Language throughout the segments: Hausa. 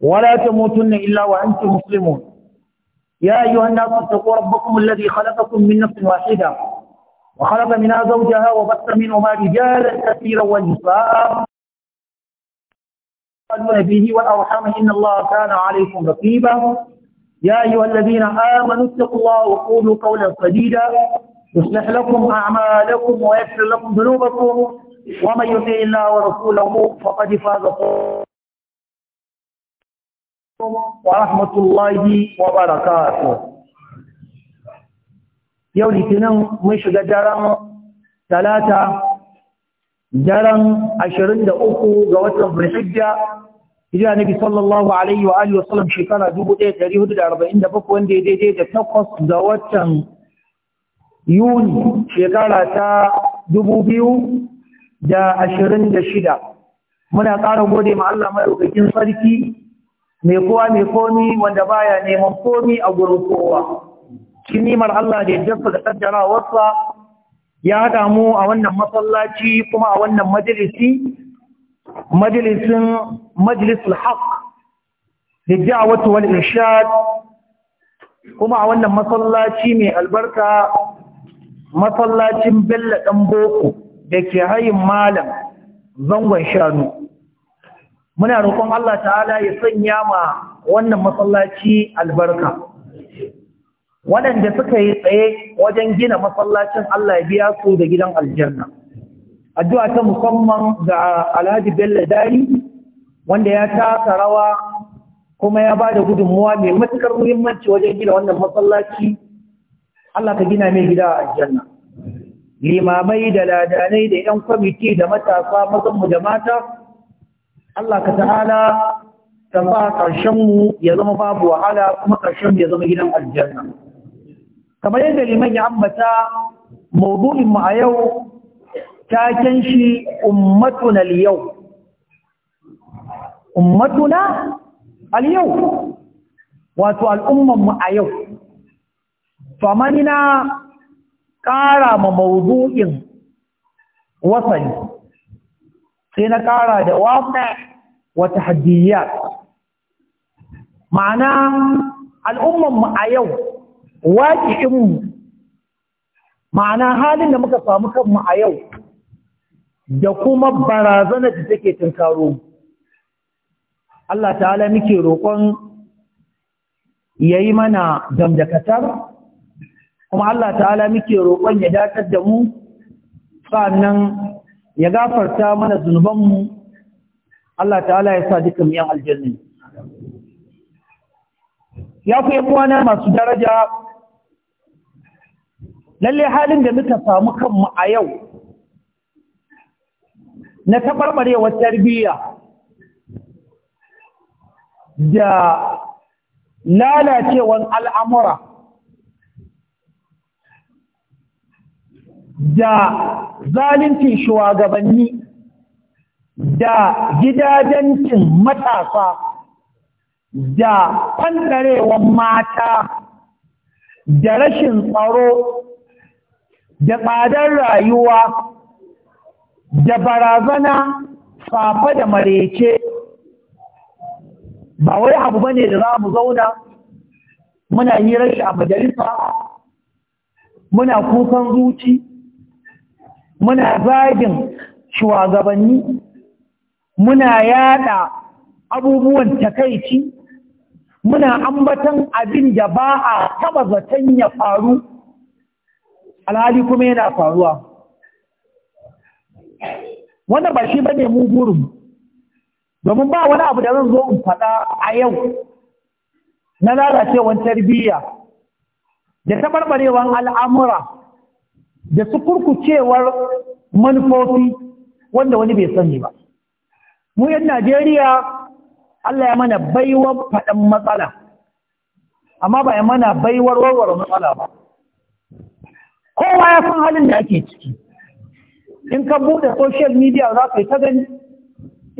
ولا تموتن إلا وأنتم مسلمون يا أيها الناس اتقوا ربكم الذي خلقكم من نفس واحدة وخلق منها زوجها وبث منهما رجالا كثيرا ونساء به والأرحام إن الله كان عليكم رقيبا يا أيها الذين آمنوا اتقوا الله وقولوا قولا سديدا يصلح لكم أعمالكم ويغفر لكم ذنوبكم ومن يطع الله ورسوله فقد فاز warahmatullahi wa barakatuh yau litinin mun shiga daren talata daren uku ga watan Zulhijja hijira nabi sallallahu alaihi wa alihi wasallam shekara bakwai wanda ya daidai da takwas ga watan Yuni shekara ta dubu biyu da da ashirin shida, muna ƙara gode ma Allah madaukakin sarki mai kowa mai komi wanda baya neman komi a gurin kowa shi nimar Allah da ya da kaddarawarsa ya damu mu a wannan masallaci kuma a wannan majalisi majalisin majalisul haq da da'awatu wal irshad kuma a wannan masallaci mai albarka masallacin Bello ɗan boko da ke hayin malam zangon shanu muna roƙon Allah ta'ala ya sanya ma wannan masallaci albarka waɗanda suka yi tsaye wajen gina masallacin Allah ya biya su da gidan aljanna addu'a ta musamman ga Alhaji Bello Dari wanda ya taka rawa kuma ya bada gudunmuwa mai matukar muhimmanci wajen gina wannan masallaci Allah ka gina mai gida a aljanna limamai da ladanai da 'yan kwamiti da matasa mazan mu da mata Allah ka ta'ala ta ba ƙarshen mu ya zama babu wahala kuma ƙarshen ya zama gidan aljanna kamar yadda liman ya ambata mawdu'in mu a yau taken shi ummatuna al-yau ummatuna wato al'umman mu a yau famanina ƙara ma mawdu'in wasani sai na ƙara da waƙa wata hadiyya ma'ana al'ummanmu a yau mu ma'ana halin da muka samu kanmu a yau da kuma barazanar da take tunkaro Allah ta'ala muke roƙon yayi mana damdakatar kuma Allah ta'ala muke roƙon ya dakatar da mu sannan ya gafarta mana zunubanmu Allah ta'ala ya sa dukkan yan aljanna ya fi yan masu daraja lalle halin da muka samu kanmu a yau na tabarbarewar tarbiyya da lalacewan al'amura da zalincin shugabanni da gidajencin matasa da fandarewan mata da rashin tsaro da tsadar rayuwa da barazana safa da marece ba wai abu bane da za mu zauna muna yi rashi a majalisa muna kukan zuci muna zagin shugabanni muna yada abubuwan takaici muna ambatan abin da ba a taba zaton ya faru alhali kuma yana faruwa wanda ba shi ba ne mu burin domin ba wani abu da zan zo in faɗa a yau na lalacewar tarbiyya da tabarbarewan al'amura da su kurkucewar manufofi wanda wani bai sani ba mu yan Najeriya Allah ya mana baiwar faɗan matsala amma ba ya mana baiwar warware matsala ba kowa ya san halin da ake ciki in ka buɗe social media za ka yi ta gani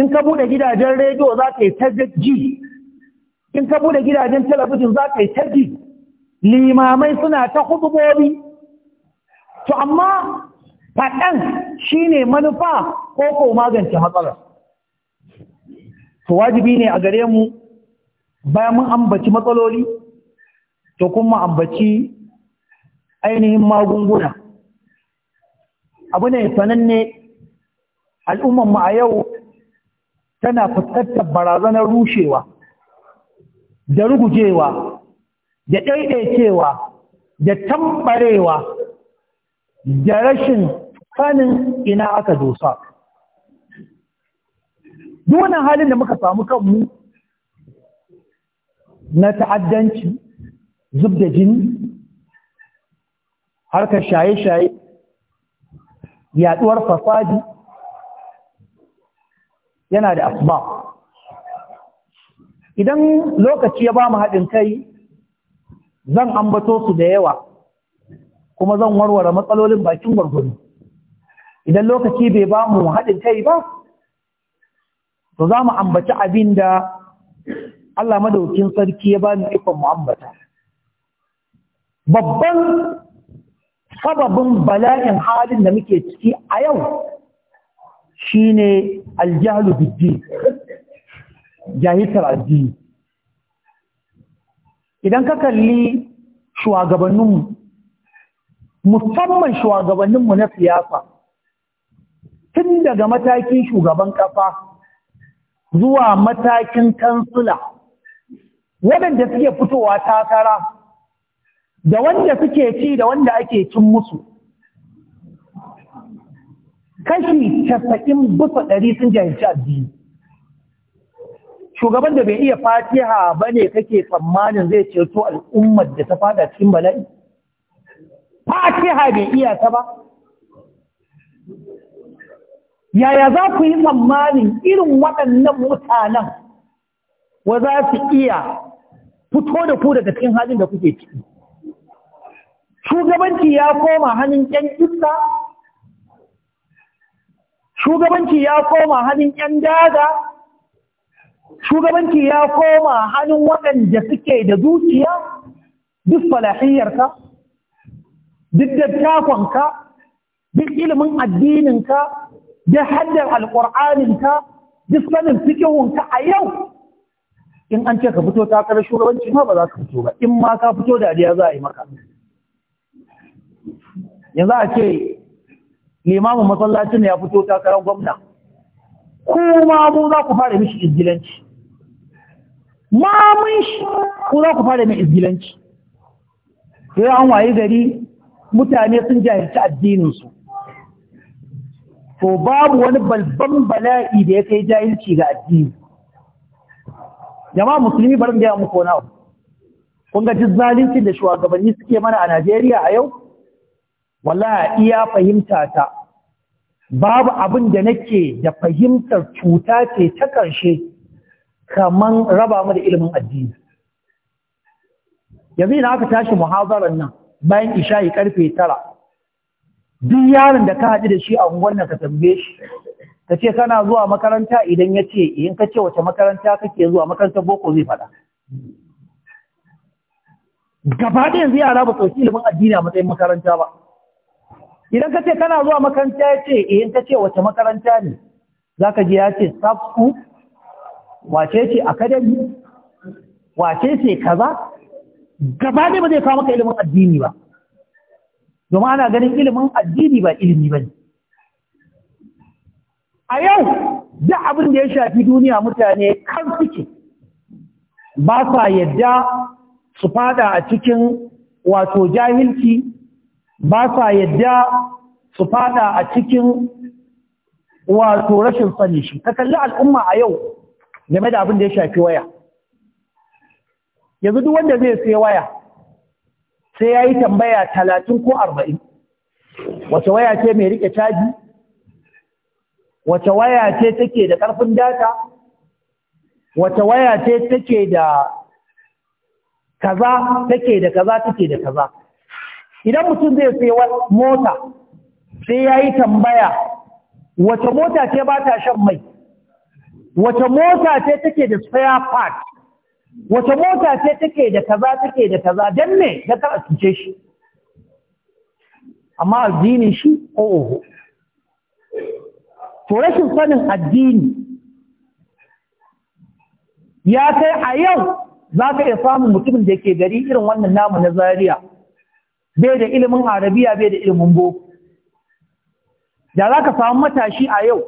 in ka buɗe gidajen rediyo za ka yi ta ji in ka buɗe gidajen talabijin za ka yi ta ji limamai suna ta hudubobi to amma faɗan shine manufa ko ko magance matsalar to wajibi ne a gare mu bayan mun ambaci matsaloli to kuma ambaci ainihin magunguna abu ne sananne al'ummanmu a yau tana fuskantar barazanar rushewa da rugujewa da ɗaiɗaikewa da tambarewa da rashin sanin ina aka dosa duk halin da muka samu kanmu na ta'addanci zub da jini harkar shaye-shaye yaduwar fasadi yana da asuba. idan lokaci ya ba mu haɗin kai zan ambato su da yawa kuma zan warware matsalolin bakin gwargwaro idan lokaci bai ba mu haɗin kai ba to za mu ambaci abin da Allah madaukin sarki ya ba ni ikon mu babban sababin bala'in halin da muke ciki a yau shine aljahlu biddi jahiltar addini idan ka kalli shugabanninmu musamman shugabanninmu na siyasa tun daga matakin shugaban kafa zuwa matakin kansula waɗanda suke fitowa takara da wanda suke ci da wanda ake cin musu kashi casa'in bisa ɗari sun jahilci addini shugaban da bai iya fatiha ba ne kake tsammanin zai ceto al'ummar da ta fada cikin bala'i fatiha bai iya ta ba yaya za ku yi tsammanin irin waɗannan mutanen wa za su iya fito da ku daga cikin halin da kuke ciki shugabanci ya koma hannun ƴan iska shugabanci ya koma hannun ƴan daga shugabanci ya koma hannun waɗanda suke da zuciya duk falahiyarka duk dattakonka duk ilimin addininka da haddar alƙur'anin ka duk sanin fikihun a yau in an ce ka fito takarar shugabanci ma ba za ka fito ba in ma ka fito da ariya za a yi maka yanzu a ce limamin masallacin ya fito takarar gwamna kuma mu za ku fara mishi izgilanci mun shi ku za ku fara mai izgilanci sai an waye gari mutane sun jahilci addininsu to babu wani balban bala'i da ya kai jahilci ga addini jama'a musulmi bari mu ya muku wani abu kun ga duk zalincin da shugabanni suke mana a Najeriya a yau wallahi iya fahimta ta babu abin da nake da fahimtar cuta ce ta ƙarshe kamar raba mu da ilimin addini yanzu ina aka tashi muhazarar nan bayan isha'i karfe tara duk yaron da ka haɗu da shi a unguwar nan ka tambaye shi ka ce kana zuwa makaranta idan ya ce eh, in ka ce wace makaranta kake zuwa makarantar boko zai faɗa gaba da yanzu yara ba ɗauki ilimin addini a matsayin makaranta ba idan ka ce kana zuwa makaranta ya ce eh, in ka ce wace makaranta ne za ka je ya ce sabku wace ce academy wace ce kaza gaba ɗaya ba zai kawo maka ilimin addini ba domin ana ganin ilimin addini ba ilimi ba ne a yau duk abin da ya shafi duniya mutane kan suke ba sa yadda su fada a cikin wato jahilci ba sa yadda su fada a cikin wato rashin sani shi ka kalli al'umma a yau game da abin da ya shafi waya yanzu duk wanda zai sai waya sai ya yi tambaya talatin ko arba'in Wata waya ce mai riƙe caji Wata waya ce take da ƙarfin data Wata waya ce take da kaza take da kaza take da kaza idan mutum zai sai mota sai ya yi tambaya Wata mota ce ba ta shan mai Wata mota ce take da spare parts wata mota ce take da kaza take da kaza dan me da kar a shi amma addini shi Oh. oho oh. to rashin sanin addini ya kai a yau za ka iya samun mutumin da ke gari irin wannan namu na Zariya. bai da ilimin arabiya bai da ilimin boko da za ka samu matashi a yau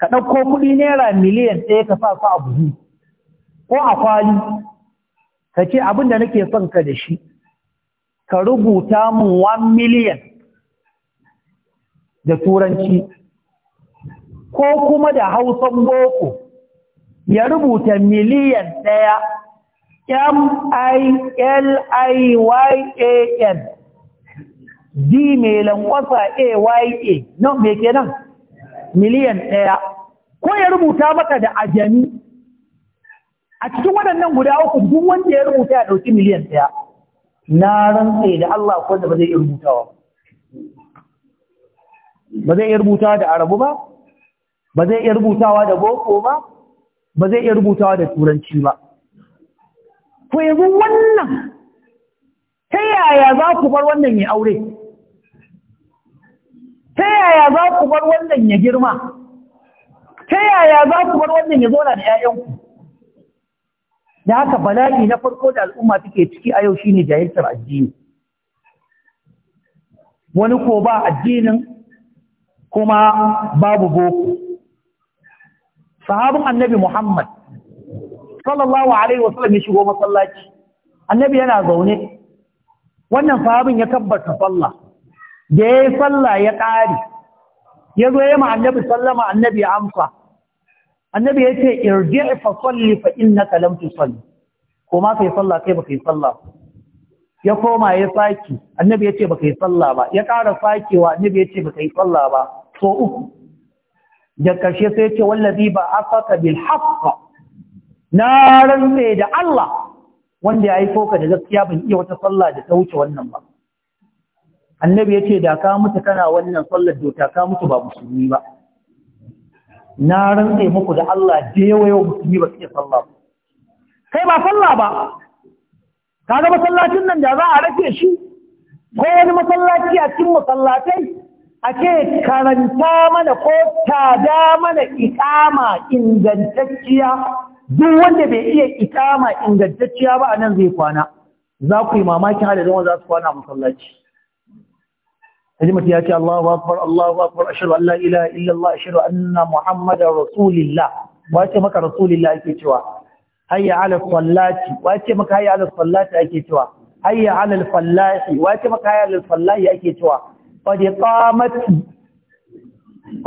ka ɗauko kuɗi naira miliyan ɗaya ka sa su a buhu ko a kwali ka ce abin da nake son ka da shi ka rubuta mun 1 miliyan da turanci ko kuma da hausan boko ya rubuta miliyan ɗaya m-i-l-i-y-a-n d mai lankwasa a-y-a nan mai kenan miliyan ɗaya ko ya rubuta maka da ajami a cikin waɗannan guda uku duk wanda ya rubuta ya ɗauki miliyan ɗaya na rantse da Allah ko da ba zai iya rubutawa ba zai iya rubutawa da arabu ba ba zai iya rubutawa da boko ba ba zai iya rubutawa da turanci ba ko yanzu wannan ta yaya za ku bar wannan ya aure ta yaya za ku bar wannan ya girma ta yaya za ku bar wannan ya zo na da 'ya'yanku da haka bala'i na farko da al'umma take ciki a yau shine jahiltar addini wani ko ba addinin kuma babu boko sahabin annabi Muhammad sallallahu alaihi wasallam ya shigo masallaci annabi yana zaune wannan sahabin ya tabbata sallah da yi sallah ya ƙare ya zo ya ma annabi sallama annabi amsa annabi ya ce irji' fa salli fa innaka lam tusalli ko ma kai sallah kai baka yi sallah ya koma ya saki annabi ya ce baka yi sallah ba ya ƙara sakewa annabi ya ce baka yi sallah ba so uku da ƙarshe sai ya ce wallazi ba asaka bil haqq na rantse da Allah wanda ya aiko ka da gaskiya ban iya wata sallah da ta wuce wannan ba annabi ya ce da ka mutu kana wannan sallar dota ka mutu ba musulmi ba na rantsa muku da Allah da yawa yau musulmi ba su iya sallah ba kai ba sallah ba ka ga masallacin nan da za a rafe shi ko wani masallaci a cikin masallatai a ke karanta mana ko tada mana ikama ingantacciya duk wanda bai iya ikama ingantacciya ba a nan zai kwana za ku yi mamakin hada zama za su kwana masallaci kaji mutum ya ce Allahu akbar Allahu akbar ashhadu an la ilaha illallah ashhadu anna muhammadar rasulillah wace maka rasulillah ake cewa hayya ala sallati wace maka hayya ala sallati ake cewa hayya ala al fallahi wace maka hayya ala al fallahi ake cewa qad qamati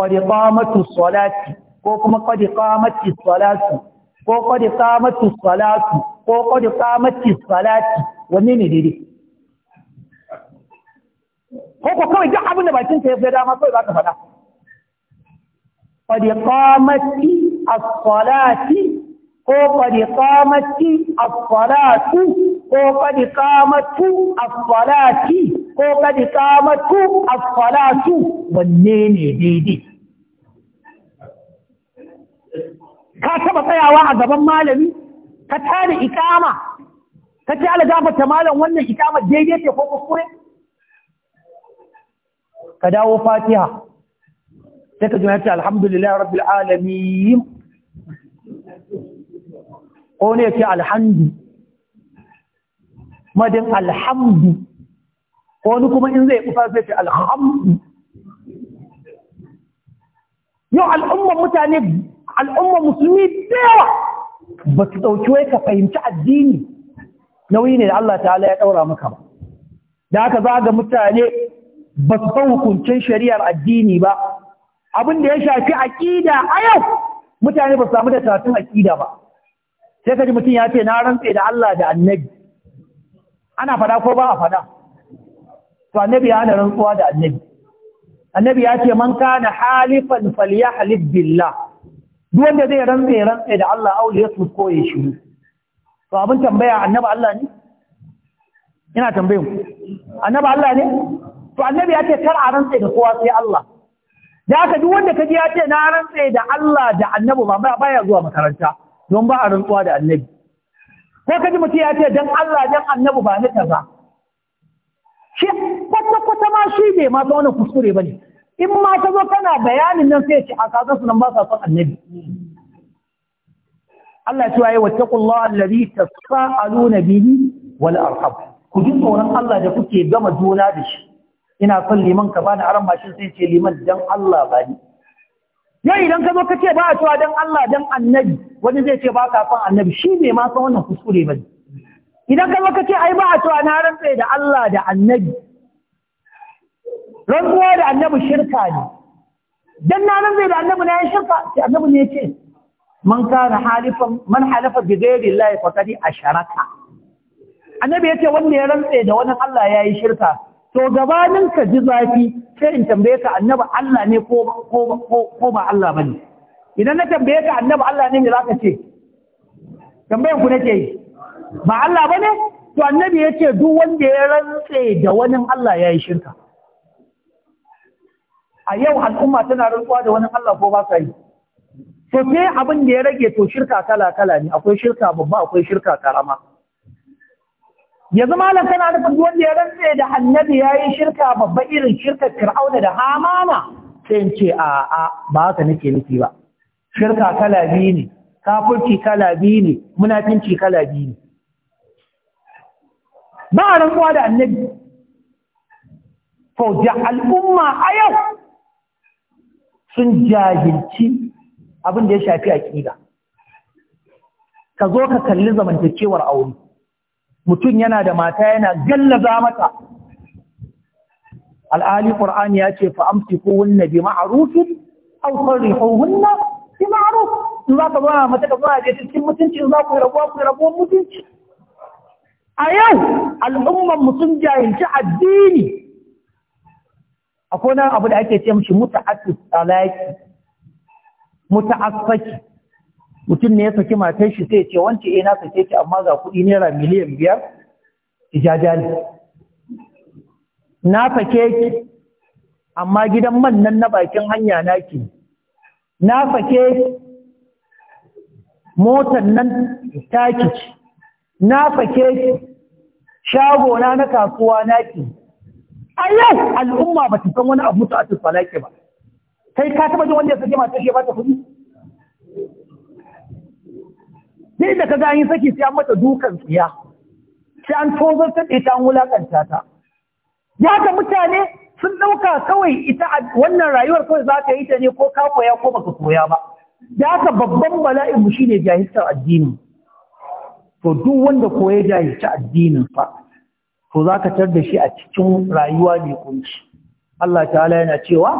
qad qamatu salati ko kuma qad qamati salati ko qad qamatu salati ko qad qamati salati wanne ne daidai ko ko kawai duk abin da bakin ta ya fi dama kawai za ka faɗa qad qamati as-salati ko qad qamati as-salatu ko qad qamatu as-salati ko qad qamatu as-salatu wanne ne daidai ka taba tsayawa a gaban malami ka tada ikama ka ce algaba ta malam wannan ikama daidai ce ko kuskure ka dawo fatiha sai ka jima ya ce alhamdulillah rabbil alamin ko ne ya ce alhamdu madin alhamdu ko wani kuma in zai kufa sai ce alhamdu yau al'ummar mutane al'ummar musulmi da yawa ba su ɗauki wai ka fahimci addini nauyi ne da Allah ta'ala ya ɗaura maka ba da haka za ga mutane ba su san hukuncin shari'ar addini ba abin da ya shafi aƙida a yau mutane ba su samu da tatun aƙida ba sai ka ji mutum ya ce na rantse da Allah da annabi ana fada ko ba a fada to annabi ya hana rantsuwa da annabi annabi ya ce man kana halifan falyahlif billah duk wanda zai rantse rantse da Allah aure ya su ko ya shiru to abin tambaya annabi Allah ne ina tambayin annabi Allah ne to annabi ya ce kar a rantse da kowa sai Allah da aka duk wanda kaji ya ce na rantse da Allah da annabi ba baya zuwa makaranta don ba a rantsuwa da annabi ko kaji mutum ya ce dan Allah dan annabi ba na kaza shi kwata kwata ma shi bai ma wannan kuskure bane in ma ta zo kana bayanin nan sai ce a kazan su nan ba sa son annabi Allah ya ce ayi wattaqullaha allazi tasaaluna bihi wal arham ku ji tsoron Allah da kuke gama juna da shi ina son liman ka bani aron mashin sai ce liman dan Allah ba ni idan ka zo ka ce ba a cewa dan Allah dan annabi wani zai ce ba ka son annabi shi ne ma san wannan kuskure ba idan ka zo ka ce ai ba a cewa na rantse da Allah da annabi rantsuwa da annabi shirka ne dan na rantse da annabi na shirka sai annabi ne ya ce man kana halifan man halafa bi ghairi Allah kadi asharaka annabi yace wanda ya rantse da wani Allah ya yi shirka to gabanin ka ji zafi sai in tambaye ka annabi Allah ne ko ko ba Allah bane idan na tambaye ka annabi Allah ne me zaka ce tambayan ku nake yi ba Allah bane to annabi yace duk wanda ya rantse da wani Allah yayi shirka a yau al'umma tana rantsuwa da wani Allah ko ba sa yi to sai abin da ya rage to shirka kala kala ne akwai shirka babba akwai shirka karama yanzu malam kana kudu wanda ya rantse da annabi ya yi shirka babba irin shirka fir'auna da hamama. sai in ce a a ba haka nake nufi ba shirka kala biyu ne kafirci kala biyu ne munafinci kala biyu ne ba a rantsuwa da annabi to da al'umma a yau sun jahilci abin da ya shafi aƙida ka zo ka kalli zamantakewar aure mutum yana da mata yana gallaza mata al'ali ƙur'ani ya ce fa ko wunna bi ma'arufin, aw sarrihu wunna bi ma'aruf. in za ka ba mata ka a je cikin mutunci in za ku rabuwa ku rabuwa mutunci a yau al'umman mutum jahilci addini akwai nan abu da ake ce mishi muta'assif talaki muta'assaki mutum ne ya saki matar shi sai ce wance eh na sake ki amma ga kuɗi naira miliyan biyar ne na sake ki amma gidan man nan na bakin hanya na naki na sake motar nan taki na sake shago na na kasuwa na a yau al'umma ba ta san wani abu ta a ba kai ka taba jin wanda ya sake matar shi ba ta kuɗi sai da ka an yi saki sai an mata dukan tsiya sai an tozartar ta ita an wulakanta ta ya ga mutane sun ɗauka kawai ita wannan rayuwar kawai za ka yi ta ne ko ka koya ko baka koya ba Ya haka babban bala'in mu shine jahiltar addini to duk wanda koya jahilci addinin fa to za ka tar da shi a cikin rayuwa mai kunci Allah ta'ala yana cewa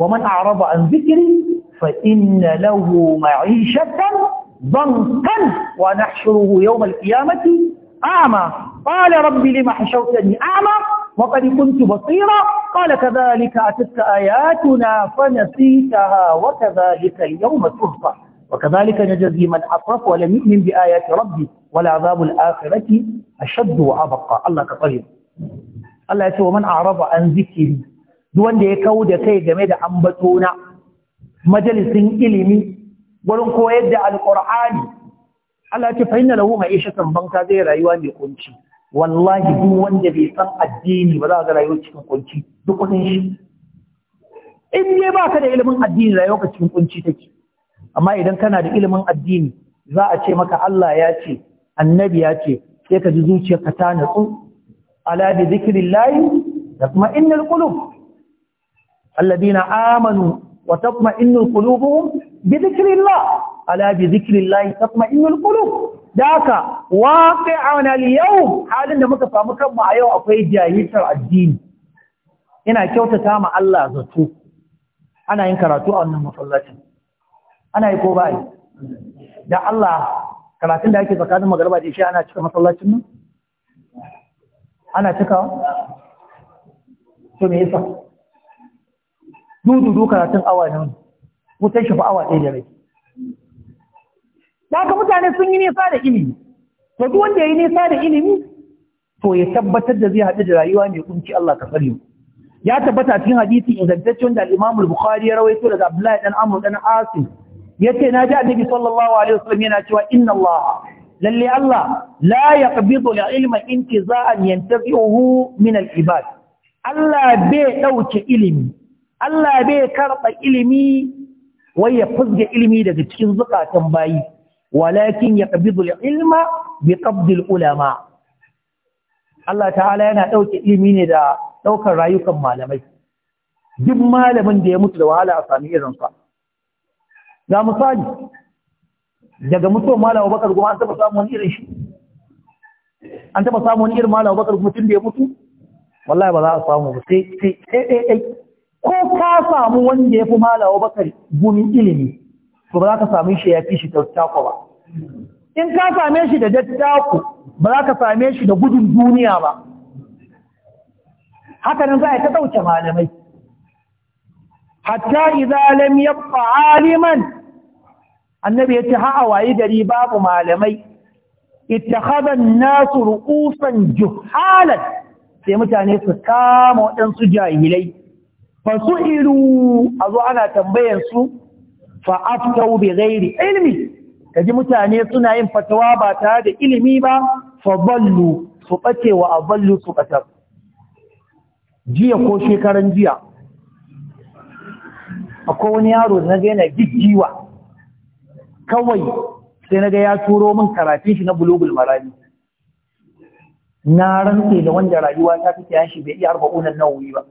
wa man a'raba an zikri fa inna lahu ma'ishatan ضنكا ونحشره يوم القيامة أعمى قال ربي لم حشوتني أعمى وقد كنت بصيرا قال كذلك أتتك آياتنا فنسيتها وكذلك اليوم تهطى وكذلك نجزي من أطرف ولم يؤمن بآيات ربي والعذاب الآخرة أشد وأبقى الله كطيب الله يسوى من أعرض عن ذكري دون دي كود كي جميد عن بتونا مجلس إلمي gurin koyar da alƙur'ani Allah ce fa inna lahu ma'ishatan banka zai rayuwa mai kunci wallahi duk wanda bai san addini ba za ga rayuwa cikin kunci duk kudin shi in ne baka da ilimin addini rayuwa cikin kunci take amma idan kana da ilimin addini za a ce maka Allah ya ce annabi ya ce sai ka ji zuciyarka ta natsu ala bi zikrillahi da kuma innal qulub alladina amanu wa tatma'innu qulubuhum bi dhikrillah ala bi dhikrillah tatma'innul qulub daka waqi'un al-yawm halin da muka samu kanmu a yau akwai jahitar addini ina kyautata ma Allah zato ana yin karatu a wannan masallacin ana yi ko ba da Allah karatun da ake tsakanin magarba da ana cika masallacin nan ana cika me dudu karatun awa nan kusan shafi awa ɗaya da rai da mutane sun yi nisa da ilimi to duk wanda ya yi nisa da ilimi to ya tabbatar da zai haɗu da rayuwa mai kunci Allah ka tsare ya tabbata cikin hadisi ingantacce wanda al-Imam bukhari ya rawaito daga Abdullahi dan Amr dan Asim yace na ji annabi sallallahu alaihi wasallam yana cewa inna Allah lalle Allah la yaqbidu al-ilma intiza'an yantazi'uhu min al-ibad Allah bai dauke ilimi Allah bai karɓa ilimi wai ya fuzge ilimi daga cikin zukatan bayi walakin ya qabidul ilma bi qabdil ulama Allah ta'ala yana ɗauke ilimi ne da ɗaukar rayukan malamai duk malamin da ya mutu da wahala a sami irinsa ga misali daga mutuwar malawa bakar kuma an taɓa samun wani irin shi an taɓa samun wani irin malawa bakar kuma tun da ya mutu wallahi ba za a samu ba sai sai sai ko ka samu wanda ya fi malawa bakar gumi ilimi to ba za ka sami shi ya fi shi tattako ba in ka same shi da dattako ba za ka same shi da gudun duniya ba haka nan za a ta ɗauke malamai hatta idza lam yabqa aliman annabi yace ha wayi gari babu malamai ittakhadha an-nasu ru'usan Juhalat, sai mutane su kama waɗansu jahilai fasu'ilu a zo ana fa aftau bi ghairi ilmi kaji mutane suna yin fatawa ba tare da ilimi ba fa ballu su bace wa a ballu su ɓatar jiya ko shekaran jiya akwai wani yaro da na ga yana jijjiwa kawai sai na ga ya turo min karatun shi na bulugul marami na rantse da wanda rayuwa ta fi shi bai iya arba'unan nauyi ba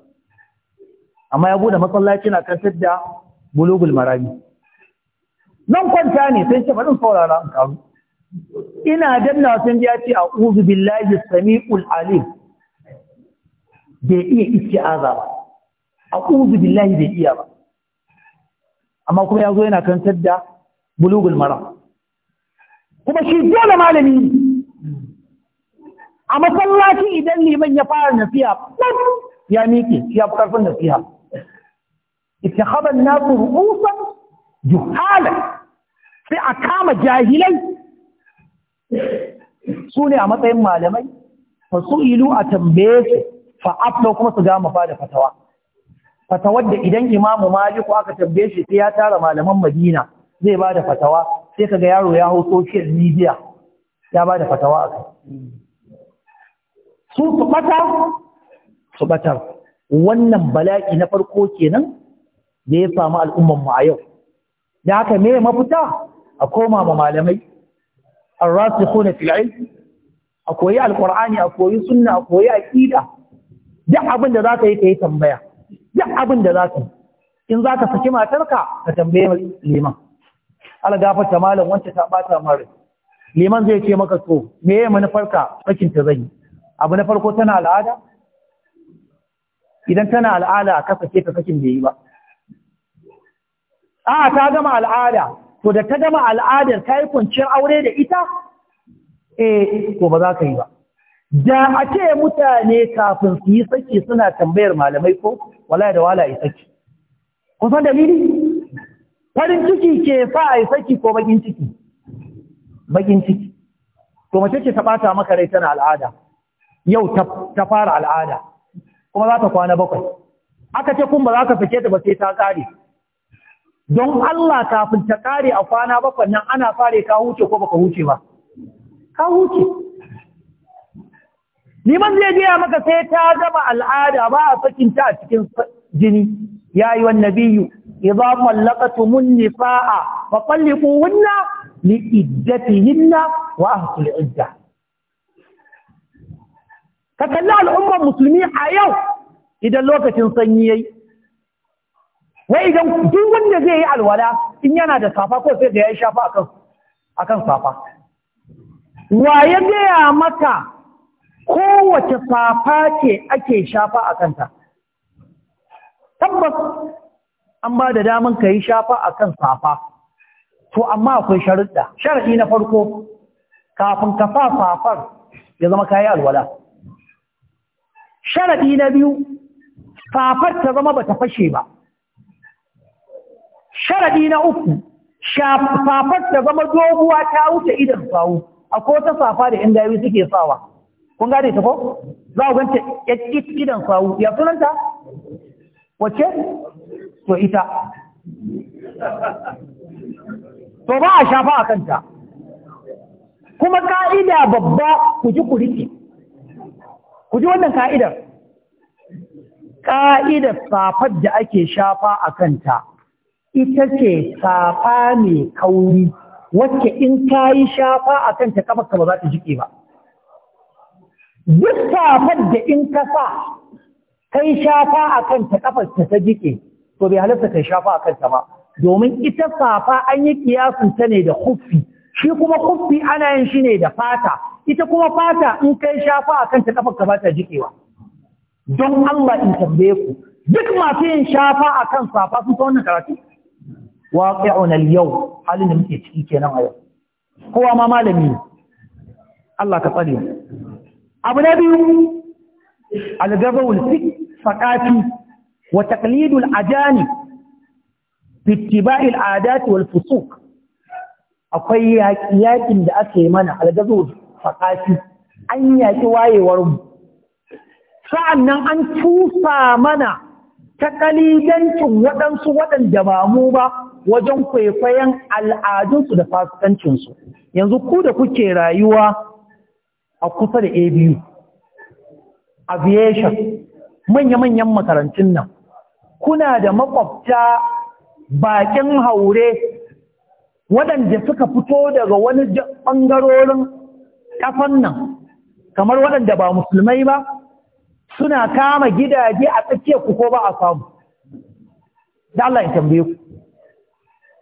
amma ya bude masallaci na kasar da bulugul marami nan kwanta ne sai ce bari saurara in karu ina danna sun ji ya ce a uzu billahi sami'ul alim bai iya aza ba a uzu billahi bai iya ba amma kuma ya zo yana kan da bulugul mara. kuma shi dole malami a masallaci idan liman ya fara nasiha ya miƙe ya fi karfin nasiha ittakhadha an-nasu ru'usan juhalan sai a kama jahilai su ne a matsayin malamai fa a tambaye su fa kuma su gama da fatawa fatawar da idan imamu maliku aka tambaye shi sai ya tara malaman madina zai ba da fatawa sai kaga yaro ya hau social media ya ba da fatawa a kai su su bata su batar wannan bala'i na farko kenan da ya samu al'umman mu a yau da haka me mafita a koma ma malamai ar-rasikhuna fil ilm a koyi alqur'ani a koyi sunna a koyi aqida duk abin da ka yi kai tambaya duk abin da zaka yi in ka saki matarka ka tambaye liman ala gafarta malam wanda ta bata mare liman zai ce maka to me ya manufarka sakin ta zai abu na farko tana al'ada idan tana al'ada ka sake ta sakin bai yi ba a ta gama al'ada to da ta gama al'adar ka yi kwanciyar aure da ita e to ba za ka yi ba da a ce mutane kafin su yi saki suna tambayar malamai ko wala da wala yi saki kusan dalili farin ciki ke sa a yi saki ko bakin ciki bakin ciki to mace ce ta ɓata maka rai tana al'ada yau ta fara al'ada kuma za ta kwana bakwai aka ce kun ba za ka sake ta ba sai ta ƙare. don Allah kafin ta kare a kwana bakwai nan ana fare ka huce ko baka huce ba ka huce liman zai biya maka sai ta zama al'ada ba a a cikin jini ya yi wa nabiyu idza mallaqatumun nisaa fa talliquhunna li iddatihinna wa ahsul iddah ka kalli al'ummar musulmi a yau idan lokacin sanyi yayi wai idan duk wanda zai yi alwala in yana da safa ko sai da ya shafa akan akan safa wa ya gaya maka kowace safa ce ake shafa akan ta? tabbas an ba da daman ka yi shafa akan safa to amma akwai sharuɗa Sharadi na farko kafin ka fa safar ya zama kayi alwala Sharadi na biyu safar ta zama ba ta fashe ba sharadi na uku shafafar da zama doguwa ta wuce idan sawu akwai wata safa da yan gawi suke sawa kun gane ta ko za ku ganta idan sawu ya sunanta wace to ita to ba a shafa a kanta kuma ka'ida babba ku ji ku riƙe. ku ji wannan ka'idar ka'idar safar da ake shafa a kanta ita ce safa mai kauri wacce in ka yi shafa a kan ta kafa ba za ta jiƙe ba duk safar da in ka sa kai shafa a kan ta kafa ta jiƙe to bai ka yi shafa a kanta ba domin ita safa an yi kiyasun ta ne da kuffi shi kuma kuffi ana yin shi ne da fata ita kuma fata in kai shafa a kanta kafarka ba ta jiƙewa don Allah in tambaye ku duk masu yin shafa a kan safa sun ta wannan karatu waqi'un al-yau halin da muke ciki kenan a yau kowa ma malami Allah ka tsare abu na biyu al-gabawul fiqh faqati wa taqlidul ajani bi ittiba'il adat wal fusuq akwai yaƙin da aka yi mana algazo faƙafi an yaƙi wayewarmu sa'annan an cusa mana ta ƙalidancin waɗansu waɗanda ba mu ba wajen kwaikwayon al'adunsu da fasikancinsu yanzu ku da kuke rayuwa a kusa da abu aviation manya-manyan makarantun nan kuna da makwabta bakin haure waɗanda suka fito daga wani ɓangarorin ƙafan nan kamar waɗanda ba musulmai ba suna kama gidaje a tsakiyar ku ko ba a samu da Allah tambaye ku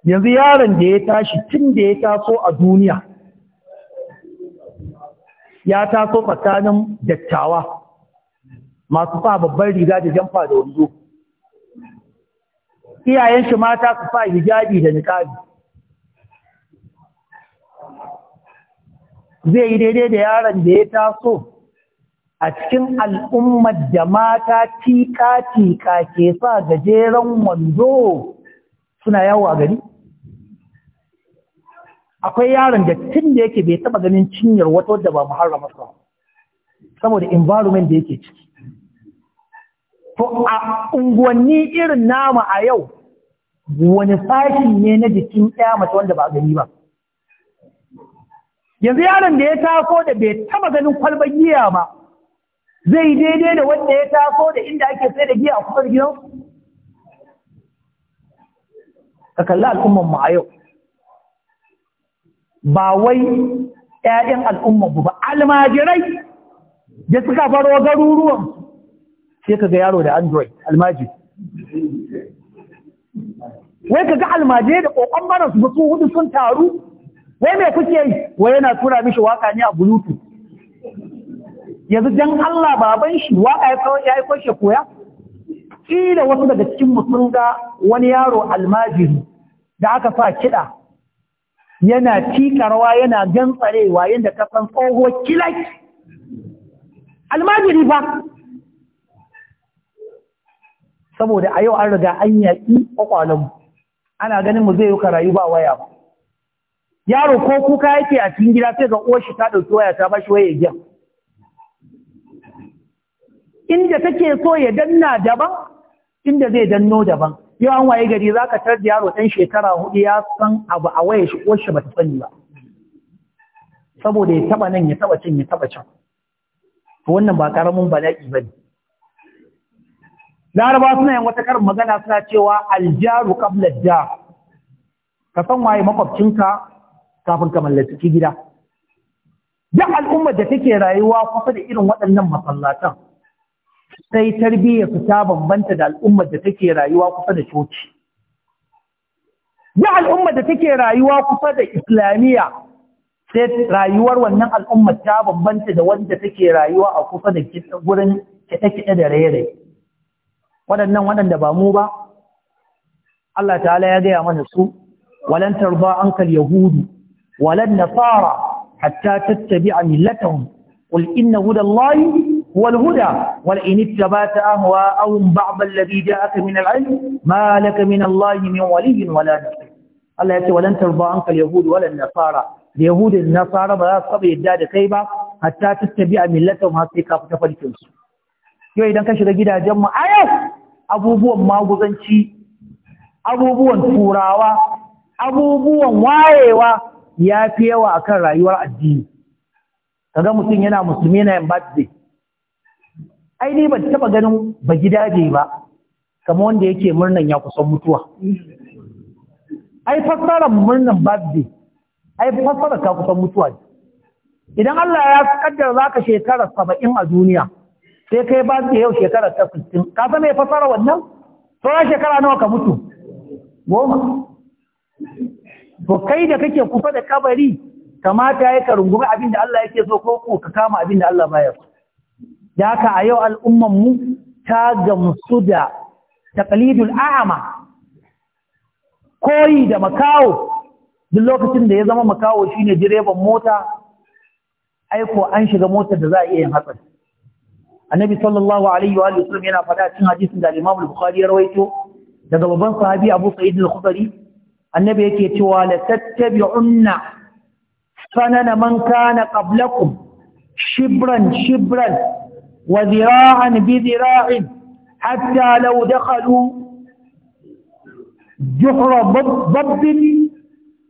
yanzu yaron da ya tashi tun da ya taso a duniya ya taso tsakanin dattawa masu sa babban riga da jamfa da wanzo iyayen shi mata su sa hijabi da niqabi zai yi daidai da yaron da ya taso a cikin al'ummar da mata tika-tika ke sa gajeren wando suna yawo a gari akwai yaron da tun da yake bai taba ganin cinyar wata wadda ba muharrama sa saboda environment da yake ciki to a unguwanni irin nama a yau wani sashi ne na jikin ɗaya mace wanda ba gani ba yanzu yaron da ya taso da bai taba ganin kwalbar giya ba zai daidai da wanda ya taso da inda ake sai da giya a kusa gidan ka kalli al'umman mu a yau ba wai ‘ya'yan al'umma ba almajirai da suka faro garuruwan sai ka ga yaro da android almaji wai ka ga almajirai da ƙoƙon su su hudu sun taru wai mai kuke yi wai yana tura mishi waka ne a bulutu? yanzu don allah baban shi waka ya yi kwashe koya ƙila wasu daga cikin mutum ga wani yaro almajiri da aka sa kiɗa yana tikarwa yana gantsarewa yadda ka san tsohuwar kilai almajiri ba saboda a yau an riga an yaƙi ƙwaƙwalonmu ana ganin mu zai yi karayu ba waya ba yaro ko kuka yake a cikin gida sai ga uwarshi ta ɗauki waya ta bashi waya giya inda take so ya danna daban inda zai danno daban yau an waye gari za ka tar da yaro ɗan shekara hudu ya san abu a waya shi ko shi ba ta sani ba saboda ya taba nan ya taba can ya taba can wannan ba karamin bala'i ba ne laraba suna yin wata karin magana suna cewa aljaru kabla da ka san waye makwabcinka kafin ka mallaki gida duk al'ummar da take rayuwa kusa da irin waɗannan masallatan sai tarbiyya su ta bambanta da al'ummar da take rayuwa kusa da coci ya al'ummar da take rayuwa kusa da islamiyya sai rayuwar wannan al'ummar ta bambanta da wanda take rayuwa a kusa da gurin kiɗe-kiɗe da rere waɗannan waɗanda ba mu ba Allah ta'ala ya gaya mana su walan tarba ankal yahudu walan nasara hatta a millatan qul inna hudallahi والهدى ولئن اتبعت أهواءهم بعض الذي جاءك من العلم ما لك من الله من ولي ولا نصير الله يقول ولن ترضى عنك اليهود ولا النصارى اليهود النصارى بلا صبر يداد كيبا حتى تتبع ملتهم هاتي كافة فلتنسو yau idan ka shiga gidajen mu a yau abubuwan maguzanci abubuwan turawa abubuwan wayewa ya fi yawa akan rayuwar addini kaga mutum yana musulmi na yin birthday ai ni ban taba ganin ba gida gidaje ba kamar wanda yake murnan ya kusan mutuwa ai fassarar murnan birthday ai fassarar ka kusan mutuwa idan Allah ya kaddara zaka shekara 70 a duniya sai kai ba da yau shekara ta 60 ka san me fassara wannan sauran shekara nawa ka mutu goma to kai da kake kusa da kabari kamata ya ka rungumi abin da Allah yake so ko ko ka kama abin da Allah baya so da haka a yau al'umman mu ta gamsu da taqlidul a'ama koyi da makawo duk lokacin da ya zama makawo shine direban mota aiko an shiga motar da za a iya yin hatsari annabi sallallahu alaihi wa sallam yana faɗa cikin hadisin da limamul imam ya rawaito daga babban sahabi Abu Sa'id al-Khudri annabi yake cewa la tattabi'unna sanana man kana qablakum shibran shibran وذراعا بذراع حتى لو دخلوا جحر ضب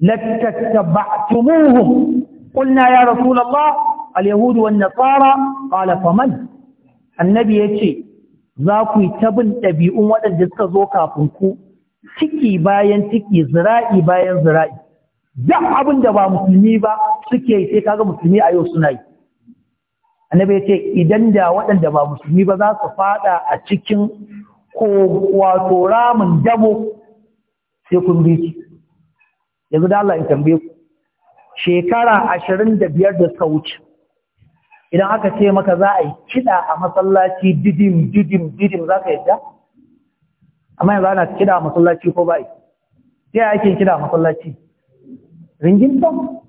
لتتبعتموهم قلنا يا رسول الله اليهود والنصارى قال فمن النبي يتي ذاكو تبن تبيئون ودن جسك زوكا فنكو سكي باين سكي زرائي باين زرائي duk abin دبا ba musulmi ba هذا yi sai kaga annabi ya ce idan da waɗanda ba musulmi ba za su fada a cikin ko wato ramin dabo sai kun bi ki yanzu da Allah ya tambaye ku shekara ashirin da biyar da suka wuce idan aka ce maka za a yi kiɗa a masallaci didim didim didim za ka yadda amma yanzu ana kiɗa a masallaci ko bai yi ta yaya ake kiɗa a masallaci ringin tom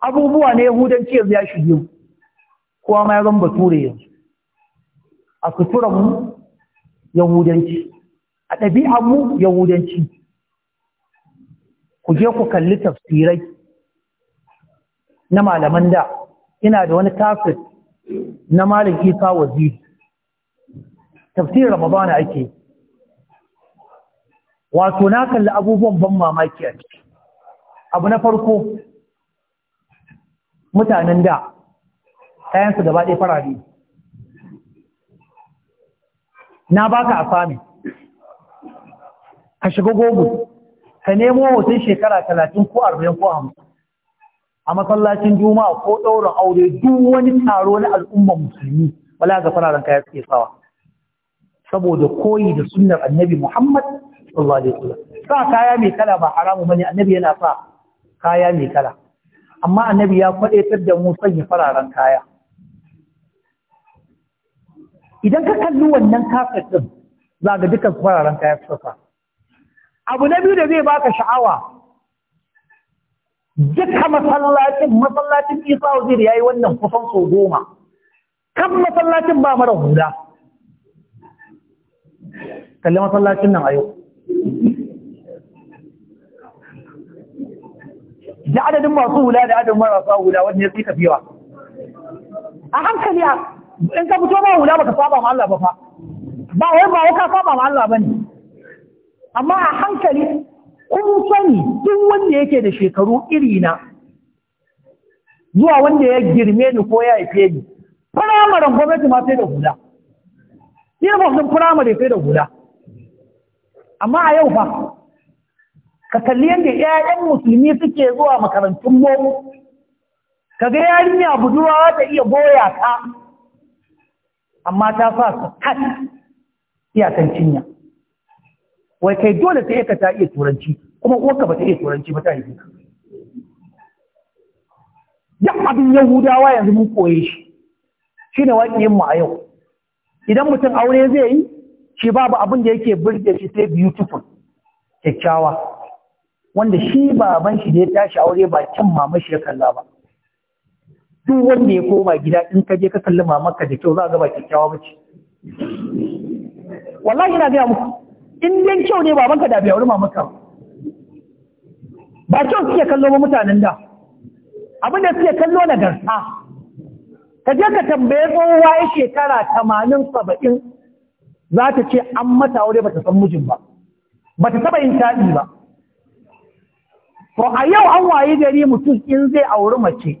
abubuwa ne yahudanci yanzu ya shige mu kowa ma ya zan bature yanzu a suturan mu yahudanci a ɗabi'an mu yahudanci ku je ku kalli tafsirai na malaman da ina da wani tafsir na malam isa waziri tafsirin ramadana ake wato na kalli abubuwan ban mamaki a ciki abu na farko mutanen da ɗayansu gaba ɗaya farare na baka a ka shiga gogu ka nemo hoton shekara talatin ko arba'in ko hamsin a masallacin juma'a ko ɗaurin aure duk wani taro na al'ummar musulmi wala ga fararen kayan suke sawa saboda koyi da sunnar annabi muhammad sallallahu alaihi wasallam sa kaya mai kala ba haramu bane annabi yana sa kaya mai kala amma annabi ya kwadaitar da mu sanya fararen kaya idan ka kalli wannan kafet ɗin, za ga dukkan fararen kaya suka abu na biyu da zai baka sha'awa duka masallacin masallacin isa wazir ya yi wannan kusan sau goma kan masallacin ba mara huda kalli masallacin nan a yau da adadin masu hula da adadin marasa hula wanda ya tsika fiwa a hankali a in ka fito ma hula baka saba ma Allah ba fa ba wai ba ka saba ma Allah bane amma a hankali kun sani duk wanda yake da shekaru iri na zuwa wanda ya girme ni ko ya haife ni firamaren gwamnati ma sai da hula uniform din firamare sai da hula amma a yau fa ka kalli yadda 'ya'yan musulmi suke zuwa makarantun boko ga yarinya budurwa ta iya goya ka amma ta sa ka kat iyakan cinya wai kai dole sai ka ta iya turanci kuma uwarka ba ta iya turanci ba ta yi duka duk abin yahudawa yanzu mun koye shi shine waƙiyin mu a yau idan mutum aure zai yi shi babu abin da yake birge shi sai beautiful kyakkyawa wanda shi baban shi da ya tashi aure ba can mama shi ya kalla ba duk wanda ya koma gida in ka je ka kalli ka da kyau za ga ba kyakkyawa ba ce wallahi ina gaya muku in dan kyau ne babanka da bai aure mamarka ba ba kyau suke kallo ba mutanen da abin da suke kallo na garsa ka je ka tambaye tsohuwa ya shekara tamanin saba'in za ta ce an mata aure ba ta san mijin ba ba ta taɓa yin taɗi ba to a yau an waye gari mutum in zai auri mace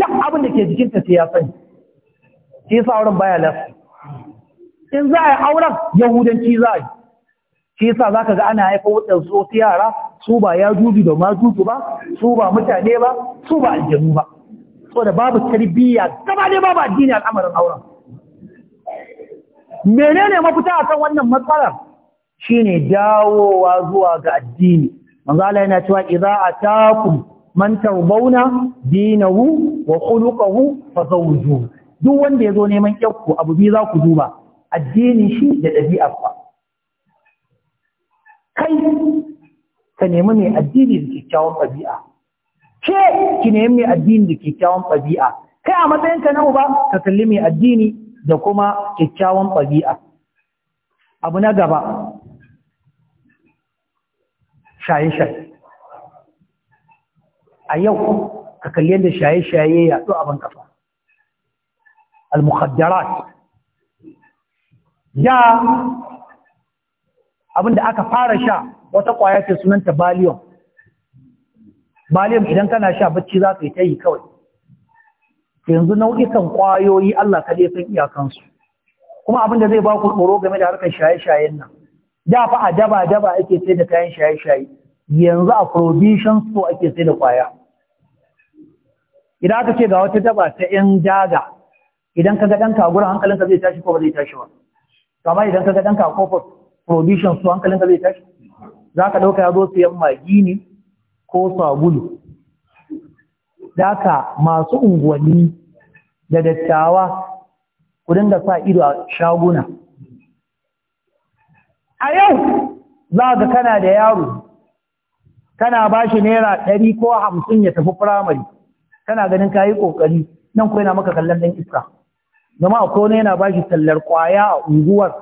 duk abin da ke jikinta sai ya sani shi yasa auren baya lafi in za a yi auren yahudanci za a yi shi yasa zaka ga ana haifa su wasu yara su ba ya juju da ma juju ba su ba mutane ba su ba aljanu ba saboda babu tarbiyya gaba ne babu addini al'amarin auren menene mafita kan wannan matsalar shine dawowa zuwa ga addini manzo Allah yana cewa idza atakum man tarbawna dinahu wa khuluquhu fazawju duk wanda yazo neman kyakku abu bi za ku duba addini shi da dabi'a fa kai ka nemi mai addini da kyakkyawan ɗabi'a ke ki nemi mai addini da kyakkyawan ɗabi'a kai a matsayin matsayinka na uba ka kalli mai addini da kuma kyakkyawan dabi'a abu na gaba shaye-shaye a yau ka kalli yadda shaye-shaye ya ɗo a kafa al-mukhaddarat ya abinda aka fara sha wata ƙwaya ce sunanta baliyon baliyon idan kana sha bacci za ka yi ta yi kawai yanzu nau'ikan ƙwayoyi Allah ka dai san iyakansu kuma abin da zai ba ku tsoro game da harkar shaye-shayen nan da fa a daba daba ake sai da kayan shaye shaye yanzu a provision store ake sai da kwaya idan aka ce ga wata daba ta yan daga idan ka ga dan kagura hankalinka zai tashi ko ba zai tashi ba to amma idan ka ga dan kofar provision store hankalinka zai tashi za ka ɗauka ya zo yan magi ne ko sabulu daka masu unguwanni da dattawa ku dinga sa ido a shaguna a yau za ka kana da yaro kana ba shi naira ɗari ko hamsin ya tafi firamare kana ganin ka yi ƙoƙari nan ko yana maka kallon ɗan iska zama a kone yana ba shi tallar ƙwaya a unguwar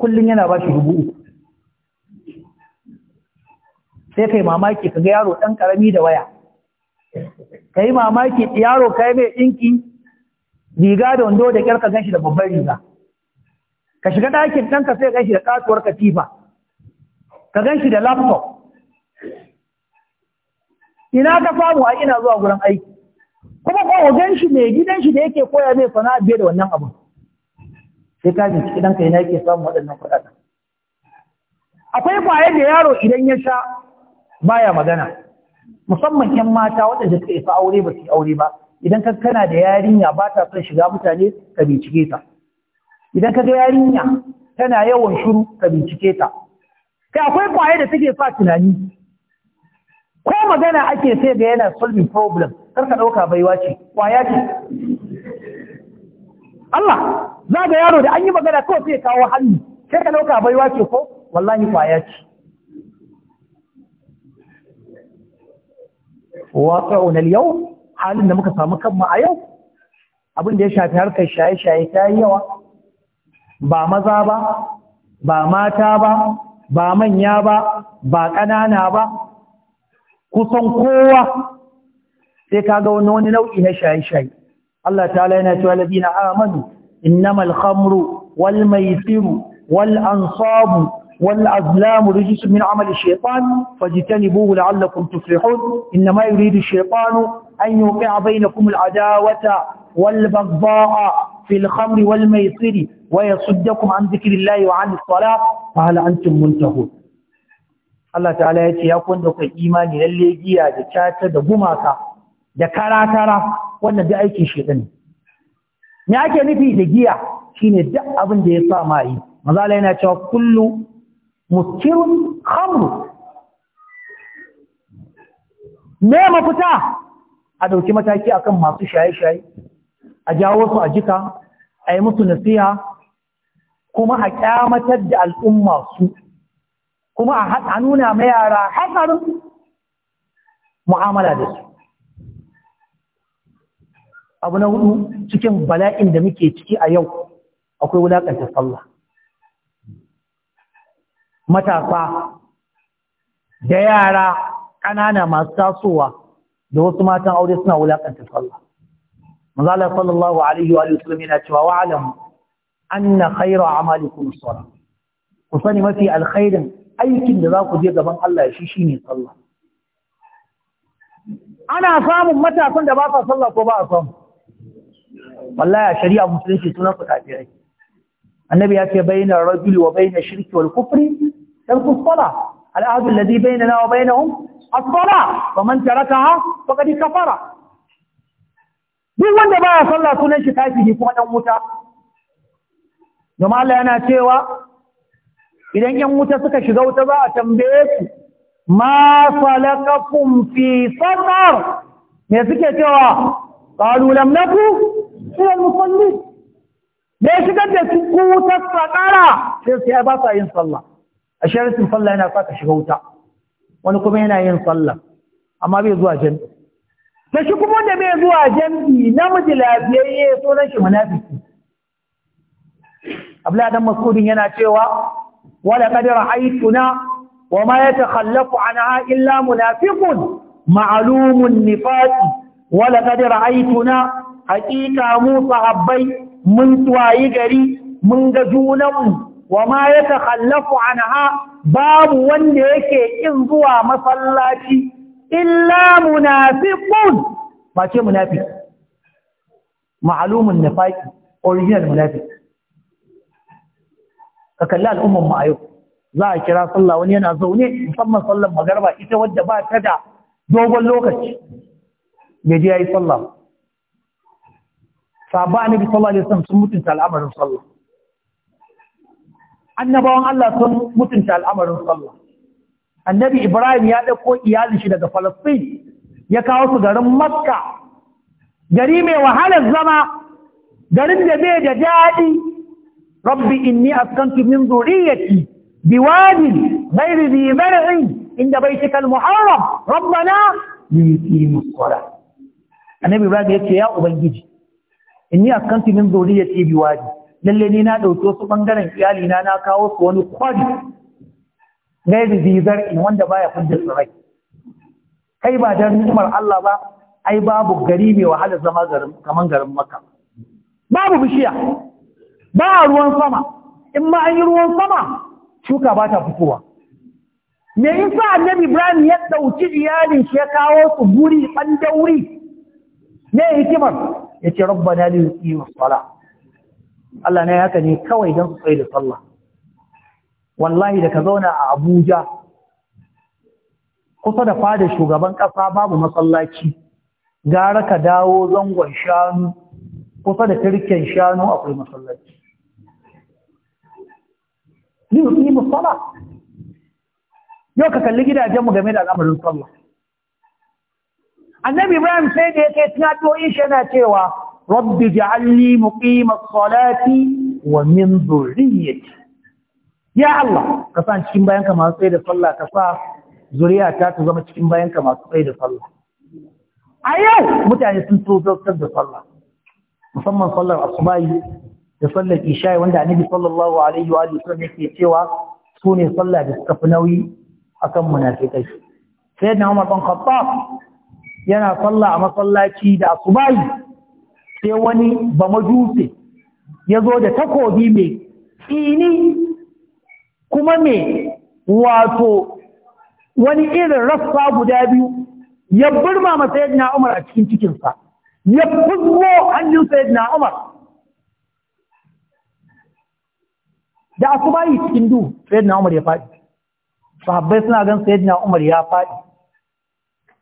kullum yana ba shi dubu uku sai kai mamaki ka ga yaro ɗan ƙarami da waya ka yi mamaki yaro ka yi mai ɗinki riga da wando da ƙyar ka gan shi da babbar riga ka shiga ɗakin ɗanka sai ka shi da katuwar katifa ka gan da laptop ina ka samu a ina zuwa gurin aiki kuma kowa ganshi shi mai gidan da yake koya mai sana'a biye da wannan abu sai ka ji cikin ɗanka ina yake samu waɗannan kuɗaɗen akwai kwaye da yaro idan ya sha baya magana musamman 'yan mata waɗanda suka isa aure ba su yi aure ba idan kankana da yarinya ba ta son shiga mutane ka bincike ta idan ka ga yarinya tana yawan shiru ka bincike ta kai akwai kwaye da take sa tunani ko magana ake sai ga yana solving problem kar ka dauka baiwa ce kwaya ce Allah za ga yaro da an yi magana kawai sai kawo hannu sai ka dauka baiwa ce ko wallahi kwaya ce waqi'un al-yawm halin da muka samu kanmu a yau abin da ya shafi harkar shaye-shaye ta yi yawa ba maza ba ba mata ba ba manya ba ba ƙanana ba kusan kowa sai kaga wani wani nau'i na shayi-shayi Allah ta'ala yana cewa ladina amanu innamal khamru wal maisiru wal ansabu amali shaytan fajtanibuhu la'allakum tuflihun فاجتنبوه yuridu تفلحون an yuqi'a bainakum أن يوقع بينكم العداوة والبغضاء khamri wal maisiri ويصدكم عن ذكر الله وعن الصلاة فهل أنتم منتهون Allah ta'ala ya ce ya kwanda kai imani lalle giya da cata da gumaka da karatara wannan duk aikin shedan ne ake nufi da giya shine duk abin da ya sa mai mazala yana cewa kullu muskirun khamru me mafita a dauki mataki akan masu shaye-shaye a jawo su a jika a yi musu nasiha kuma a kyamatar da al'umma su kuma a nuna ma yara hatsarin mu'amala da su abu na hudu cikin bala'in da muke ciki a yau akwai wulakanta sallah matasa da yara ƙanana masu tasowa da wasu matan aure suna wulaƙanta sallah Mazalar sallallahu alaihi wa’alaihi wa’alaihi yana cewa wa'alamu anna khayra amalikum as ku sani mafi alkhairin aikin da za ku je gaban Allah shi shine sallah ana samun matasan da ba sa sallah ko ba a samu wallahi shari'a musulunci sunan su kafirai annabi ya ce bayna rajuli wa bayna shirki wal kufri tarku as-salah al-ahd alladhi bainana wa bainahum as-salah wa man tarakaha faqad kafara duk wanda baya sallah sunan shi kafiri kuma dan wuta Domin Allah yana cewa idan ‘yan wuta suka shiga wuta za a tambaye su, ma falakakun fi sanar, me suke cewa, ƙalulam na ku, sunan musalli, me shigar da su ku wuta sakara, sai su ya ba sa yin sallah. A sharisun sallah yana sa ka shiga wuta, wani kuma yana yin sallah, amma bai zuwa jan. Da shi kuma da bai zuwa jam'i namiji lafiyayye sunan shi munafiki. abdullahi dan mas'udin yana cewa wala qad ra'aytuna wa ma yatakhallafu anha illa munafiqun ma'lumun nifaqi wala qad ra'aytuna haqiqa mu sahabbai mun tuwayi gari mun ga junanmu wa ma yatakhallafu anha babu wanda yake kin zuwa masallaci illa munafiqun ba ce munafiki ma'lumun nifaqi original munafiki ka kalli al'ummar mu a yau za a kira sallah wani yana zaune musamman sallar magarba ita wadda ba ta da dogon lokaci bai je yi sallah sabba annabi Sallah alaihi wasallam sun mutunta al'amarin sallah annabawan Allah sun mutunta al'amarin sallah annabi Ibrahim ya ɗauko iyalin shi daga Falastin ya kawo su garin Makka gari mai wahalar zama garin da bai da daɗi ربي إني أسكنت من ذريتي بواد غير ذي منع عند بيتك المحرم ربنا ليقيم الصلاة النبي راجع يا أبنجي إني أسكنت من ذريتي بواد للذي نادى وتوسط بنجرين يا لنا ناكاوس ونقاد غير ذي ذر إن وند بايا خد الصلاة أي بعد أن الله با أي باب غريم وحال الزمان كمان غرم مكة باب بشيء ba ruwan sama in ma an yi ruwan sama shuka ba ta fitowa me yasa annabi ibrahim ya dauki iyalin shi ya kawo su guri bandauri me hikimar yace rabbana li yuqimu sala Allah ne haka ne kawai dan su tsaye da sallah wallahi da ka zauna a Abuja kusa da fada shugaban ƙasa babu masallaci gara ka dawo zangon shanu kusa da turken shanu akwai masallaci Ni yuqimu salat yau ka kalli gidajenmu game da al'amarin sallah annabi ibrahim sai da yake tunatoyin shi yana cewa rabbi ja'alni muqimas salati wa min dhurriyyati ya allah ka sa cikin bayan ka masu tsaye da sallah ka sa Zuriya ta zama cikin bayan ka masu tsaye da sallah a yau mutane sun tozartar da sallah musamman sallar asubahi da sallar isha'i wanda annabi sallallahu alaihi wa sallam yake cewa su ne sallah da suka fi nauyi akan munafikai sai na Umar bin Khattab yana sallah a masallaci da asubahi sai wani bamajuse ya zo da takobi mai tsini kuma mai wato wani irin rassa guda biyu ya burma ma Umar a cikin cikinsa ya fuzgo hannun sayyidina Umar da aku yi cikin duhu sayyidina Umar ya faɗi sahabbai suna gan sayyidina Umar ya faɗi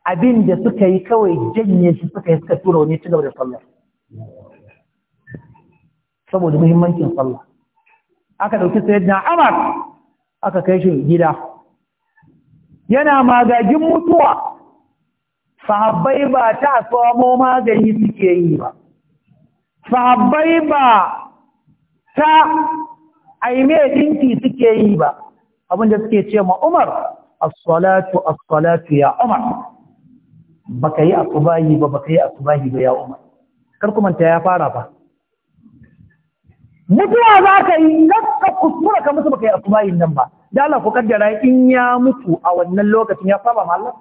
abin da suka yi kawai janye shi suka yi suka tura wani cigaba da sallah, saboda muhimmancin sallah aka ɗauki sayyidina Umar aka kai shi gida yana magagin mutuwa sahabbai ba ta samo magani suke yi ba sahabbai ba ta aime dinki suke yi ba abinda suke ce ma Umar as-salatu as-salatu ya Umar baka yi asubahi ba baka yi asubahi ba ya Umar kar kuma ta ya fara ba mutuwa za ka yi ka kuskura ka mutu baka yi asubahin nan ba da Allah ku kaddara in ya mutu a wannan lokacin ya saba ma Allah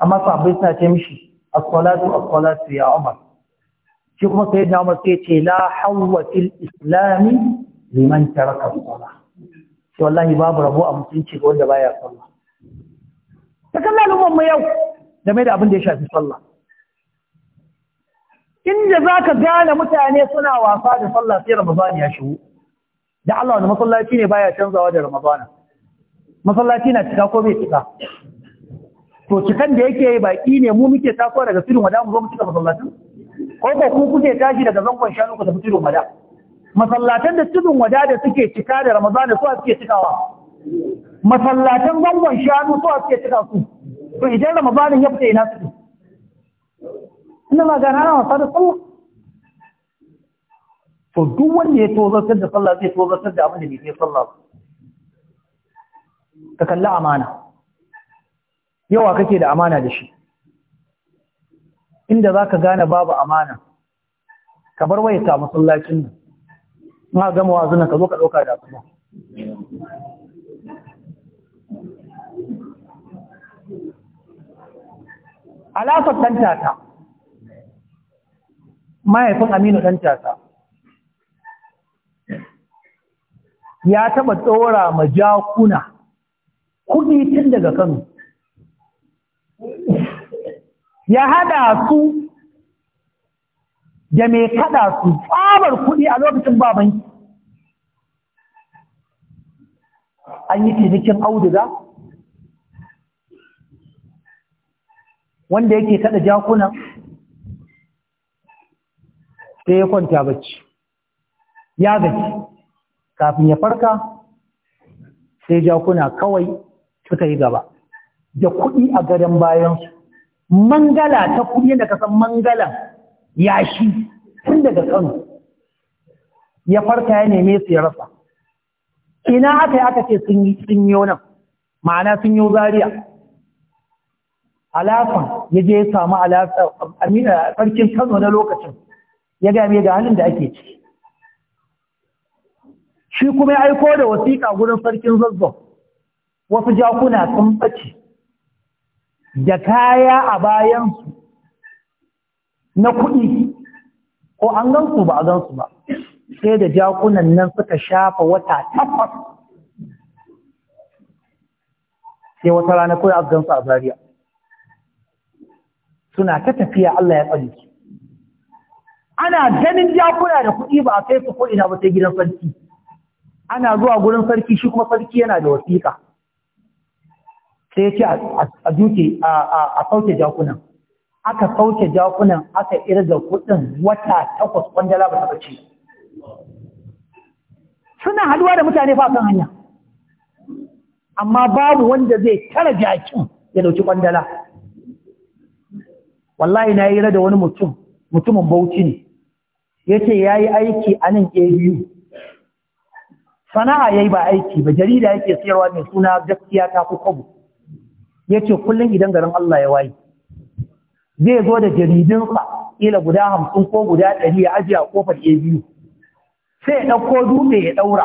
amma sahabbai suna ce mishi as-salatu as-salatu ya Umar shi kuma sai da Umar sai ce la hawwa fil islami liman taraka sallah sai wallahi babu rabo a mutunci ga wanda baya sallah ta kalla lumman mu yau game da abin da ya shafi sallah inda zaka gane mutane suna wasa da sallah sai ramadan ya shigo da Allah wani masallaci ne baya canzawa da ramadan masallaci na cika ko bai cika to cikan da yake baki ne mu muke tako daga sirin wada mu zo mu cika masallacin ko ko ku kuke tashi daga zangon shanu ku tafi sirin wada masallatan da tudun wada da suke cika da ramadana suwa suke cikawa masallatan zangon shanu suwa suke cika su to idan Ramadan ya fita ina su ina magana na wasa da sallah to duk wanda ya sai da sallah zai sai da abin da yake sallah ka kalli amana yawa kake da amana da shi inda za ka gane babu amana ka bar waya ta masallacin nan ma gama wa na ka zo ka ɗauka da kuma alaƙar ɗan tata mahaifin aminu ɗan tata ya taɓa tsora ma jakuna kuɗi tun daga kano ya hada su da mai kada su tsabar kuɗi a lokacin baban an yi audu auduga wanda yake kada jakunan sai ya kwanta bacci ya gaji kafin ya farka sai jakuna kawai suka yi gaba da kuɗi a gadon bayansu mangala ta kuɗi da kasan mangalan yashi tun daga Kano ya farka ya neme su ya rasa ina aka yi aka ce sun yi nan ma'ana sun yi zariya alafan ya je ya samu amina sarkin kano na lokacin ya game da halin da ake ciki shi kuma ya aiko da wasiƙa wurin sarkin zazzau wasu jakuna sun ɓace da kaya a bayansu na kuɗi ko an gansu ba a gansu ba sai da jakunan nan suka shafa wata takwas sai wata rana kawai a gansu a zariya suna ta tafiya Allah ya tsare ana ganin jakuna da kuɗi ba a kai su ko ina ba sai gidan sarki ana zuwa gurin sarki shi kuma sarki yana da wasiƙa sai ya ce a sauke jakunan aka sauke jakunan aka irga kudin wata takwas kwandala ba ta ce suna haduwa da mutane fa kan hanya amma babu wanda zai tara jakin ya dauki kwandala wallahi na yi da wani mutum mutumin bauchi ne yace yayi aiki a nan ABU sana'a yayi ba aiki ba jarida yake sayarwa mai suna gaskiya ta ku kwabo yace kullum idan garin Allah ya waye zai zo da jaridinsa ila guda hamsin ko guda ɗari ya ajiye a kofar a biyu sai ya ɗauko dutse ya ɗaura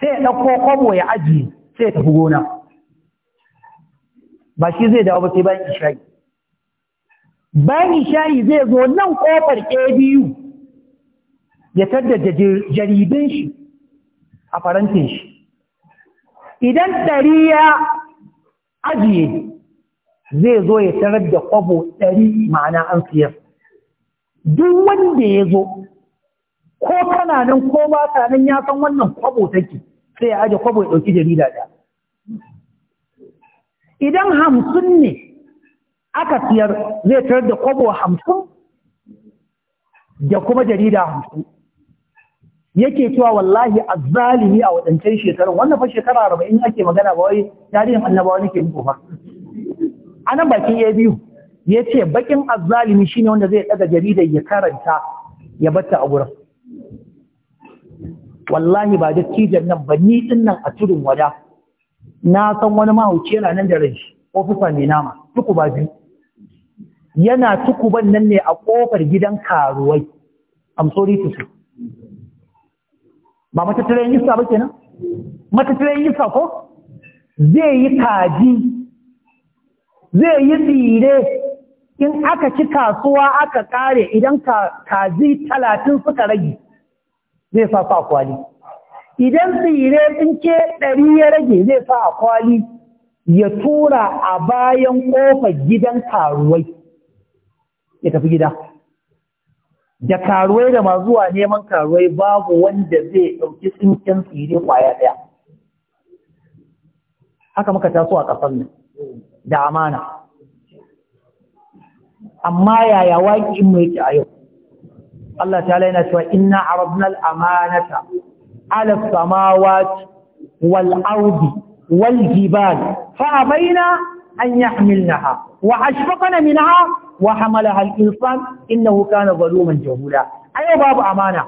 sai ya ɗauko kwabo ya ajiye sai ya tafi gona ba shi zai dawo ba sai bayan isha'i bayan isha'i zai zo nan kofar a biyu ya tadda jaridun shi a farantin shi idan ɗari ya ajiye zai zo ya tarar da kwabo ɗari ma'ana an siyar duk wanda ya zo ko kana nan ko ba ka nan ya san wannan kwabo take sai ya aje kwabo ya ɗauki jarida ɗaya idan hamsin ne aka siyar zai tarar da kwabo hamsin da kuma jarida hamsin yake cewa wallahi a zalimi a waɗancan shekarun wannan fa shekara arba'in ake magana ba wai tarihin annabawa nake muku fa a nan bakin ya biyu ya ce bakin azzalimi shine wanda zai daga jaridar ya karanta ya batta a gurin wallahi ba dattijan nan ba ni din nan a turin wada na san wani mahauci yana nan da rai ofisa mai nama tuku ba biyu yana tukuban nan ne a kofar gidan karuwai I'm sorry to say ba matattaren yisa ba kenan matattaren yisa ko zai yi kaji zai yi tsire in aka ci kasuwa aka kare idan kazi talatin suka rage zai sa sa kwali idan tsire in ke ɗari ya rage zai sa a kwali ya tura a bayan ƙofar gidan karuwai ya tafi gida da karuwai da ma zuwa neman karuwai babu wanda zai ɗauki tsinken tsire kwaya ɗaya haka muka taso a ƙasar nan da amana amma yaya waƙin mu yake a yau Allah Ta yana cewa inna aradna al-amanata ala samawati wal ardi wal jibali fa abaina an ha wa ashfaqna minha wa hamalaha al-insan innahu kana zaluman jahula ayo babu amana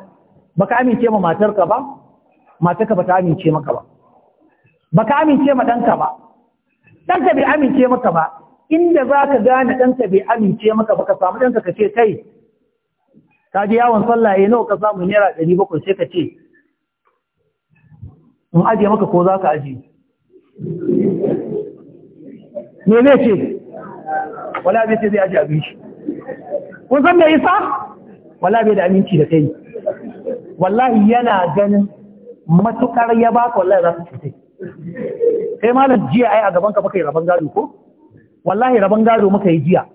ba ka amince ma matarka ba matarka ba ta amince maka ba ba ka amince ma ɗanka ba ɗanka bai amince maka ba inda za ka gane ɗanka bai amince maka ba ka samu ɗanka ka ce kai ka ji yawon sallah ya eh, nawa ka samu naira ɗari bakwai sai ka ce in ajiye maka ko za ka ajiye me zai ce wala zai ce zai ajiye abin shi kun san me isa wala bai da aminci da kai wallahi yana ganin matukar ya baka wallahi za su cuta. kai malam jiya ai a gaban ka muka yi rabon gado ko wallahi rabon gado muka yi jiya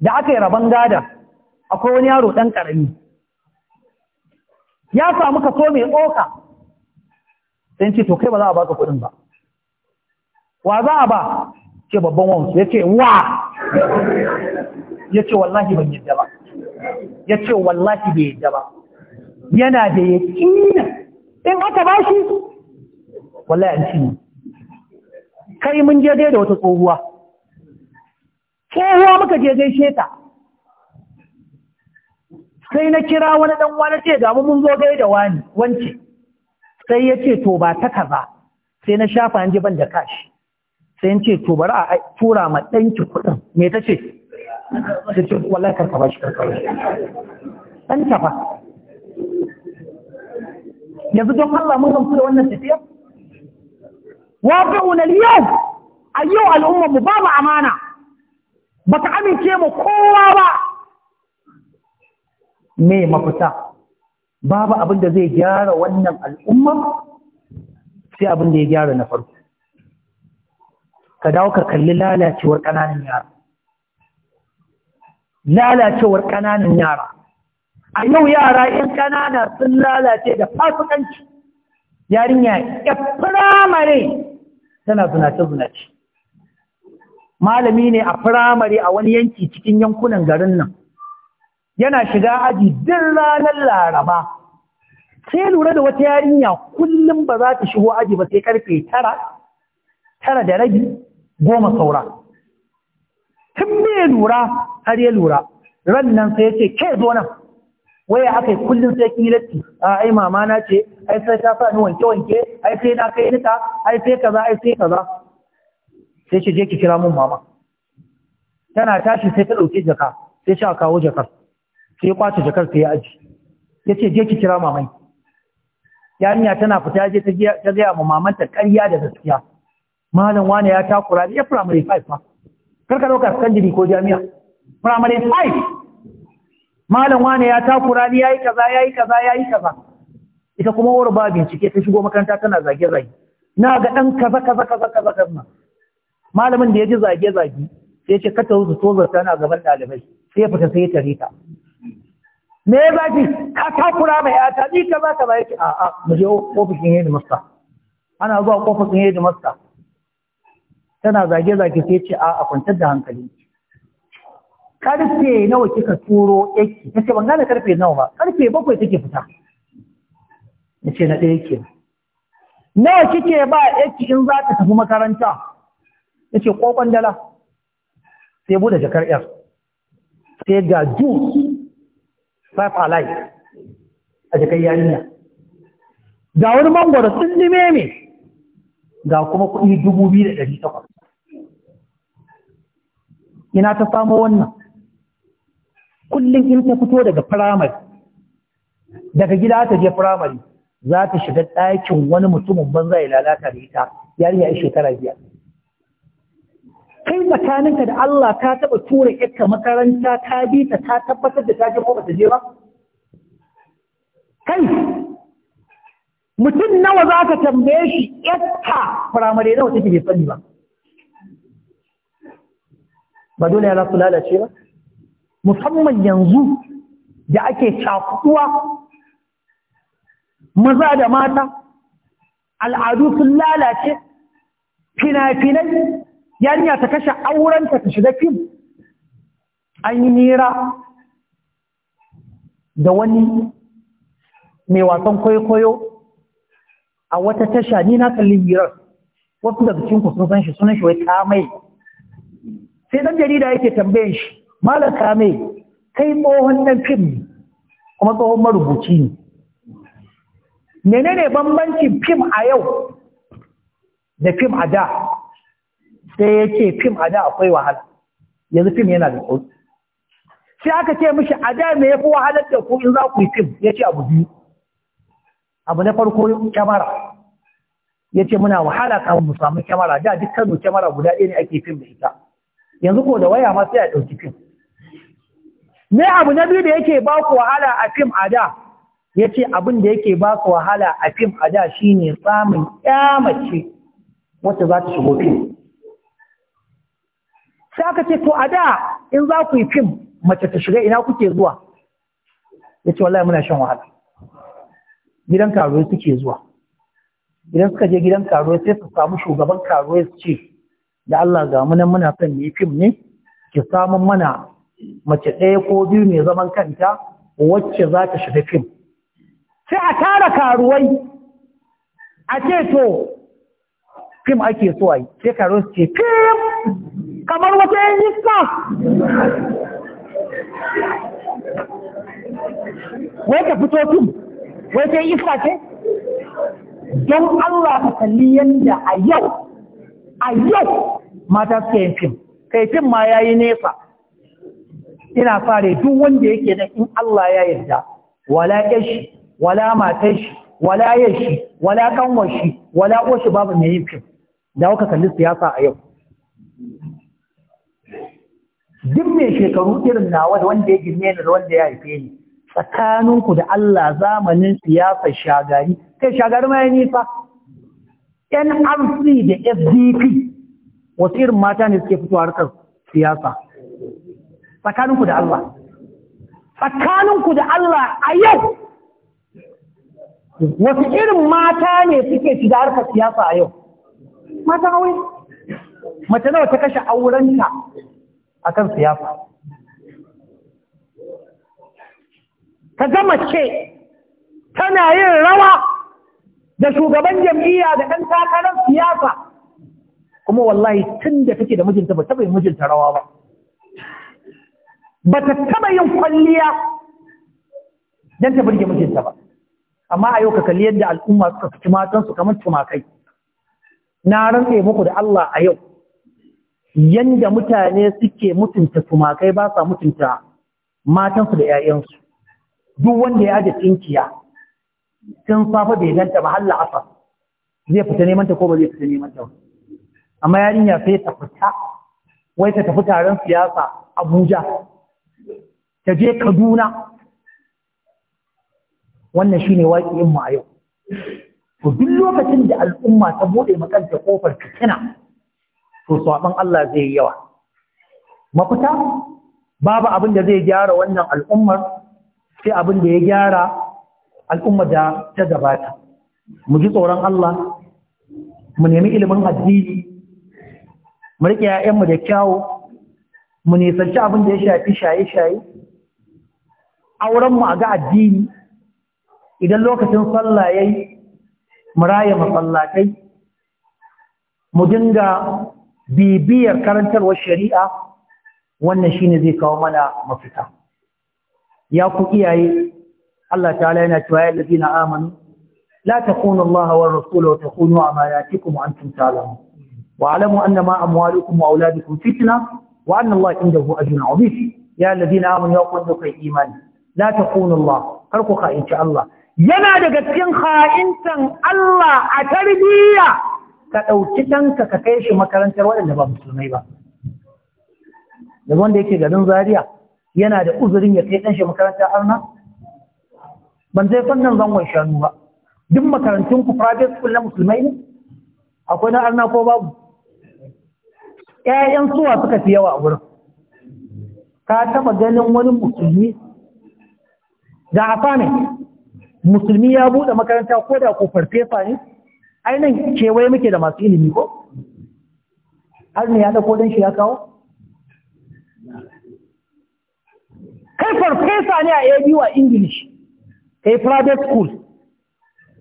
da aka yi rabon gada akwai wani yaro dan karami ya samu so mai oka sai ce to kai ba za a baka kuɗin ba wa za a ba ce babban wani ya ce wa ya ce wallahi ban yadda ba ya ce wallahi bai yadda ba yana da ya in aka ba shi wallahi an ci ne kai mun je da wata tsohuwa tsohuwa muka je gaishe ta sai na kira wani ɗan wani ce ga mun zo gai da wani wance sai ya ce to ba ta kaza sai na shafa an ban da kashi sai ya ce to bari a tura ma ɗanki kuɗin me ta ce ta ce wallahi shi karka shi ɗan ta yanzu don Allah mun gamsu da wannan tafiya واقعنا اليوم أيها الأمة مبابا أمانة بتعمل كيما كوابا مي مفتا بابا أبن دا زي جارة ونم الأمة سي أبن دي جارة نفر كداوكا كل لا لا تشور كنان النار لا لا تشور كنان النار أيو يا رأي كنانا سلا لا تشور فاسو كنش يا رينيا يا برامري tana zunace-zunace. malami ne a firamare a wani yanki cikin yankunan garin nan yana shiga aji din ranar laraba sai lura da wata yarinya kullum ba za ta shigo aji ba sai karfe tara tara da rabi goma saura tun bai lura har ya lura ran nan sai ya ce ke zo nan waya akai kullum sai kin latti a ai mama na ce ai sai ta sa ni wanke wanke ai sai na kai nita ai sai kaza ai sai kaza sai ce je ki kira mun mama tana tashi sai ta dauke jaka sai ce kawo jakar sai ya kwace jakar sai ya aji ya ce je ki kira mamai yarinya tana fita je ta gaya ma ta ƙarya da gaskiya malam wane ya takura ya firamare 5 ma karka ɗauka sakandiri ko jami'a firamare 5 malam wane ya takura ni yayi kaza yayi kaza yayi kaza ita kuma wuri ba bincike ta shigo makaranta tana zage zage na ga dan kaza kaza kaza kaza kaza malamin da ya ji zage zage sai ce ka tawo to na gaban dalibai sai ya fita sai ya tare ta me ya zaki ka takura mai ta ni kaza kaza yake a a mu je ofishin yayi masta ana zuwa ofishin yayi masta tana zage zage sai ce a a kwantar da hankali karfe nawa kika turo yake ta ce ban gane karfe nawa ba karfe bakwai take fita ya ce na ɗaya ke nawa kike ba yake in za ta tafi makaranta ya ce ƙoƙon dala sai bude jakar yar sai ga juice five alive a jakar yarinya ga wani mangoro sun nime ne ga kuma kuɗi dubu biyu da ɗari takwas ina ta samu wannan kullum in ta fito daga firamare daga gida ta je firamare za ta shiga ɗakin wani mutumin banza ya lalata da ita yari ya shekara biyar kai tsakaninka da Allah ka taɓa tura ita makaranta ka bi ta ka tabbatar da ta je ko ta je ba kai mutum nawa za ka tambaye shi ita firamare nawa take bai sani ba ba dole ya lasu lalace ba musamman yanzu da ake cakuwa maza da mata al'adu sun lalace fina-finai yanya ta kashe aurenta ta shiga fim an yi nira da wani mai wasan kwaikwayo a wata tasha ni na kalli hirar wasu daga cinku sun san shi sunan shi wai ta mai sai dan jarida yake tambayar shi malam kame kai tsohon nan fim kuma tsohon marubuci ne menene bambancin fim a yau da fim a da sai ya ce fim a da akwai wahala yanzu fim yana da sauki sai aka ce mishi a da me yafi wahalar da ku in za ku yi fim ya ce abu biyu abu na farko kyamara ya ce muna wahala kafin mu samu kyamara da duk kyamara guda ɗaya ne ake fim da ita yanzu ko da waya ma sai a ɗauki fim me abu na biyu da yake ba ku wahala a fim a da ya ce abin da yake ba ku wahala a fim a da shi ne samun mace wata za ta shigo fim Sa ka ce to a da in za ku yi fim mace ta shiga ina kuke zuwa ya ce wallahi muna shan wahala gidan ya suke zuwa idan suka je gidan ya sai su samu shugaban karuwai su ce da Allah ga munan muna son yi fim ne ki samun mana mace ɗaya ko biyu mai zaman kanta wacce za ta shiga fim sai a tara karuwai a ce to fim ake so a yi sai karuwai ce fim kamar wata yin iska wai ka fito fim wai ta iska ce don Allah ka kalli yadda a yau a yau mata suke yin fim kai fim ma ya yi nesa ina fare duk wanda yake nan in Allah ya yarda wala yashi wala matashi wala yashi wala kanwashi wala oshi babu mai yin fim da kuka kalli siyasa a yau duk mai shekaru irin nawa da wanda ya girme ni da wanda ya haife ni tsakaninku da Allah zamanin siyasa shagari kai shagari ma ya nisa NRC da FDP wasu irin mata ne suke fito harkar siyasa tsakaninku da Allah tsakaninku da Allah a yau wasu irin mata ne suke shiga harkar siyasa a yau mata aure mace nawa ta kashe aurenta akan siyasa ka zama ce tana yin rawa da shugaban jam'iyya da ɗan takarar siyasa kuma wallahi tun da take da mijinta ba taɓa yin mijinta rawa ba ba ta taɓa yin kwalliya don ta birge mijinta ba amma a yau ka kalli yadda al'umma suka fi tumatansu kamar tumakai na rantse muku da Allah a yau yadda mutane suke mutunta tumakai ba sa mutunta matansu da 'ya'yansu duk wanda ya ji tinkiya sun safa bai ganta ba har zai fita neman ta ko ba zai fita neman ta amma yarinya sai ta fita wai ta tafi taron siyasa Abuja ta je kaduna wannan shi ne waƙiyinmu a yau to duk lokacin da al'umma ta buɗe makanta kofar fitina to saɓon Allah zai yi yawa mafita babu abin da zai gyara wannan al'ummar sai abin da ya gyara al'ummar da ta gabata mu ji tsoron Allah mu nemi ilimin addini mu riƙe 'ya'yanmu da kyawu mu nisanci abin da ya shafi shaye-shaye auren mu a ga addini idan lokacin sallah yayi mu raya masallatai mu dinga bibiyar karantarwar shari'a wannan shine zai kawo mana mafita ya ku iyaye Allah ta'ala yana cewa ya allazina amanu la takunu Allah wa rasuluhu wa takunu amanatikum antum ta'lamun wa alamu annama amwalukum wa auladukum fitna wa anna Allah indahu ajrun 'azim ya allazina amanu ya ku kai imani la taqulu Allah kar ku kha'inci Allah yana daga cikin kha'intan Allah a tarbiyya ka ɗauki ɗanka ka kai shi makarantar waɗanda ba musulmai ba da wanda yake garin Zaria yana da uzurin ya kai ɗan shi makarantar arna ban zai fannin zangon shanu ba duk makarantun ku private school na musulmai ne akwai na arna ko babu ƴaƴan suwa suka fi yawa a wurin ka taɓa ganin wani musulmi da assignment musulmi ya buɗe makaranta ko da ko farfesa ne ainihin kewaye muke da masu ilimi ko arni ya ɗauko don shi ya kawo kai farfesa ne a abu a english kai private school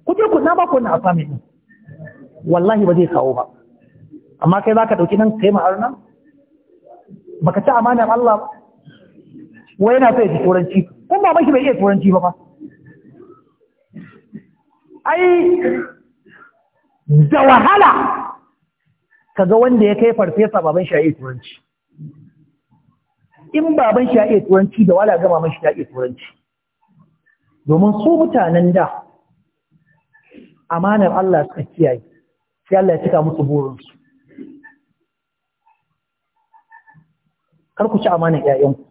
kuje ku na baku na assignment ne wallahi ba zai kawo ba amma kai za ka ɗauki nan kai ma'arna baka ci amanar Allah ba wai yana sai ya turanci kun ba mashi bai iya turanci ba ba. ai da wahala ka ga wanda ya kai farfesa baban shi ya iya turanci in baban shi ya iya turanci da wala gama mashi ya iya turanci domin su mutanen da amanar Allah suka kiyaye sai Allah ya musu burinsu kar ku ci amanar 'ya'yanku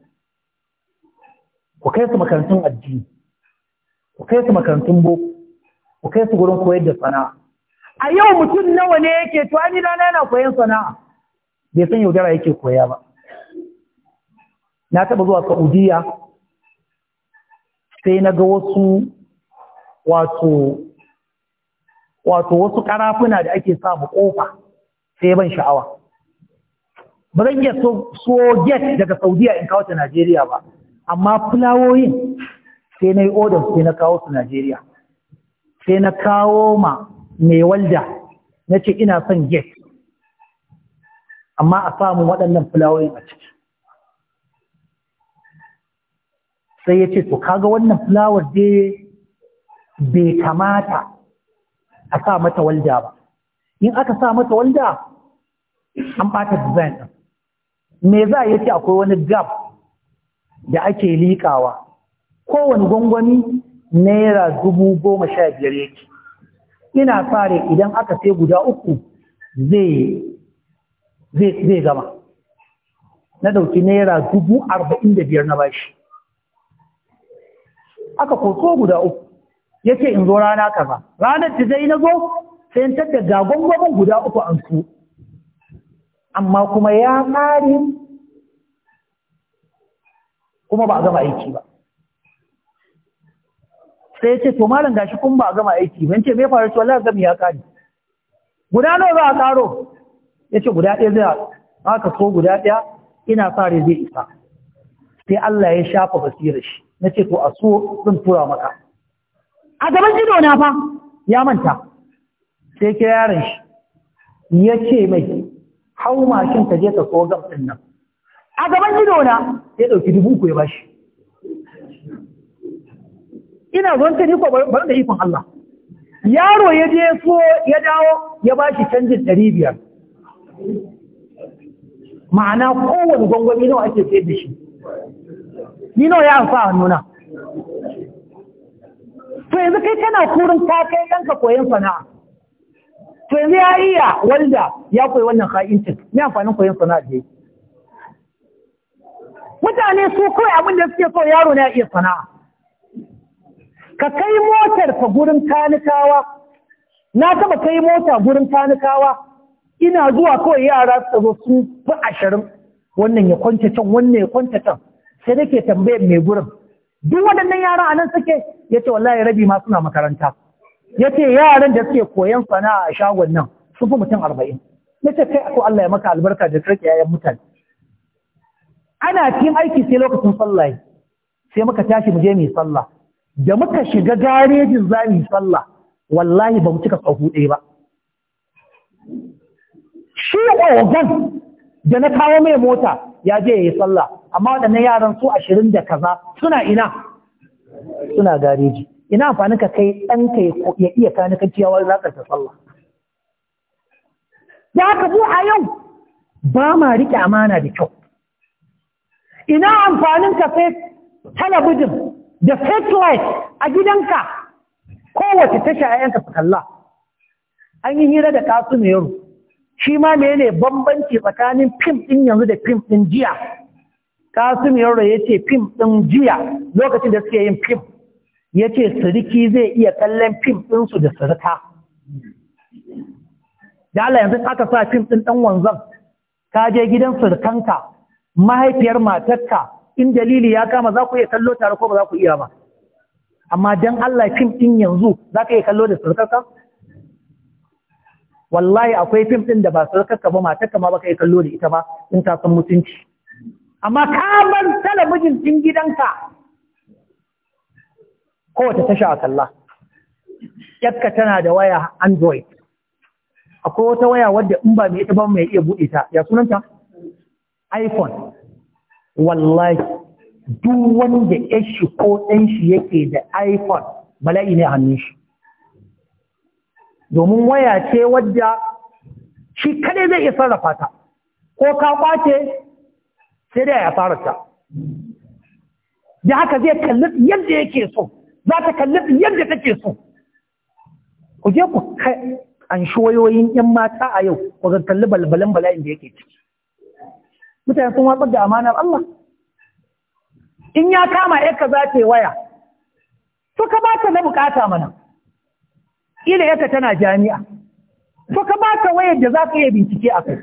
ku kai su makarantun addini ku kai su makarantun boko ku kai su gurin koyar da sana'a a yau mutum nawa ne yake to an yi yana koyan sana'a bai san yaudara yake koya ba na taɓa zuwa saudiya sai na ga wasu wato wato wasu ƙarafuna da ake samu ƙofa sai ban sha'awa ba zan iya so get daga saudiya in kawo ta najeriya ba amma fulawoyin sai na yi odar sai na kawo su Najeriya sai na kawo ma mai walda na ce ina son gate amma a samun waɗannan fulawoyin a ciki sai ya ce to kaga wannan fulawar dai bai kamata a sa mata walda ba in aka sa mata walda an ɓata design ɗin me za a yi ce akwai wani gap da ake liƙawa kowane gwangwani naira dubu goma sha biyar yake ina fare idan aka sai guda uku zai gama na ɗauki naira dubu arba'in da biyar na bashi aka koso guda uku ya ce in zo rana kaza ranar da zai na zo sai in da gwangwamin guda uku an su amma kuma ya ƙari kuma ba a gama aiki ba sai ce to malam gashi kuma ba a gama aiki ba. yace me faru to wallahi gami ya kare guda nawa za a karo yace guda ɗaya zai haka ko guda ɗaya ina fare zai isa sai Allah ya shafa basirar shi nace to a so zan tura maka a gaban ido na fa ya manta sai kira yaron shi yace mai hau mashin ka je ka so gam din nan a gaban ido na ya ɗauki dubu ku ya bashi ina zuwan ta niko bar da ikon Allah yaro ya je so ya dawo ya bashi canjin ɗari biyar ma'ana kowane gwangwami nawa ake sayar da shi ni nawa ya amsa a nuna to yanzu kai kana kurin ta kai ɗanka koyon sana'a to yanzu ya iya walda ya koyi wannan ka'incin ne amfanin koyon sana'a da yake mutane su kawai abin da suke so yaro na iya sana'a ka kai motar ka gurin kanikawa na taba kai mota gurin kanikawa ina zuwa kawai yara su zo sun fi ashirin wannan ya kwanta can wannan ya kwanta can sai nake tambayar mai gurin duk waɗannan yaran a nan suke ya ce wallahi rabi ma suna makaranta ya ce yaran da suke koyan sana'a a shagon nan sun fi mutum arba'in Ya ce kai ko Allah ya maka albarka da kirki yayan mutane ana cikin aiki sai lokacin sallah sai muka tashi mu je mu yi sallah da muka shiga garejin za mu yi sallah wallahi ba mu cika tsahu ɗaya ba shi ogan da na kawo mai mota ya je ya yi sallah amma waɗannan yaran su ashirin da kaza suna ina suna gareji ina amfani ka kai ɗanka ya iya kani kan ciyawa za ka ta sallah ya ka a yau ba ma riƙe amana da kyau ina amfanin ka sai talabijin da satellite a gidanka kowace tasha a yanka su kalla an yi hira da kasu mai yaro shi ma ne ne bambanci tsakanin fim din yanzu da fim din jiya kasu mai yaro ya ce fim din jiya lokacin da suke yin fim ya ce siriki zai iya kallon fim ɗinsu da sirika da ala yanzu aka sa fim ɗin ɗan wanzan ka je gidan surukanka. mahaifiyar matarka in dalili ya kama za ku iya kallo tare ko ba za ku iya ba amma dan Allah fim ɗin yanzu za ka iya kallo da sarkarka wallahi akwai fim ɗin da ba sarkarka ba matarka ma ba ka iya kallo da ita ba in ta san mutunci amma ka talabijin din gidanka kowace tasha a kalla yakka tana da waya android akwai wata waya wadda in ba mai ita ba mai iya buɗe ta ya sunanta iphone wallahi duk wanda ya shi ko ɗan shi yake da iphone bala'i ne a hannun shi domin waya ce wadda shi kadai zai iya sarrafa ta ko ka kwace sai dai ya fara ta da haka zai kalli yadda yake so za ta kalli yadda take so ku je ku an shi 'yan mata a yau ku kalli balbalin bala'in da yake ciki mutane sun watsar da amanar Allah in ya kama yarka za ta yi waya to ka ba ta na bukata mana ila yaka tana jami'a to ka ba ta wayar da za ka iya bincike a kai